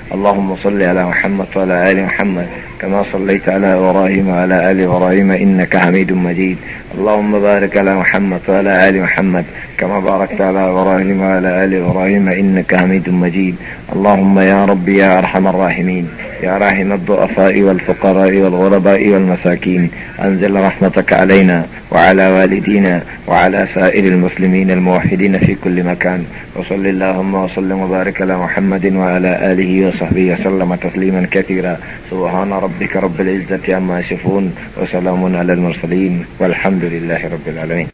اللهم صل على محمد وعلى آل محمد كما صليت على إبراهيم وعلى آل إبراهيم إنك حميد مجيد اللهم بارك على محمد وعلى آل محمد كما باركت على إبراهيم وعلى آل إبراهيم إنك حميد مجيد اللهم يا ربي يا أرحم الراحمين يا راحم الضعفاء والفقراء والغرباء والمساكين أنزل رحمتك علينا وعلى والدينا وعلى سائر المسلمين الموحدين في كل مكان وصل اللهم وسلم وبارك على محمد وعلى آله وصحبه وصحبه وسلم تسليما كثيرا سبحان ربك رب العزة عما يصفون وسلام على المرسلين والحمد لله رب العالمين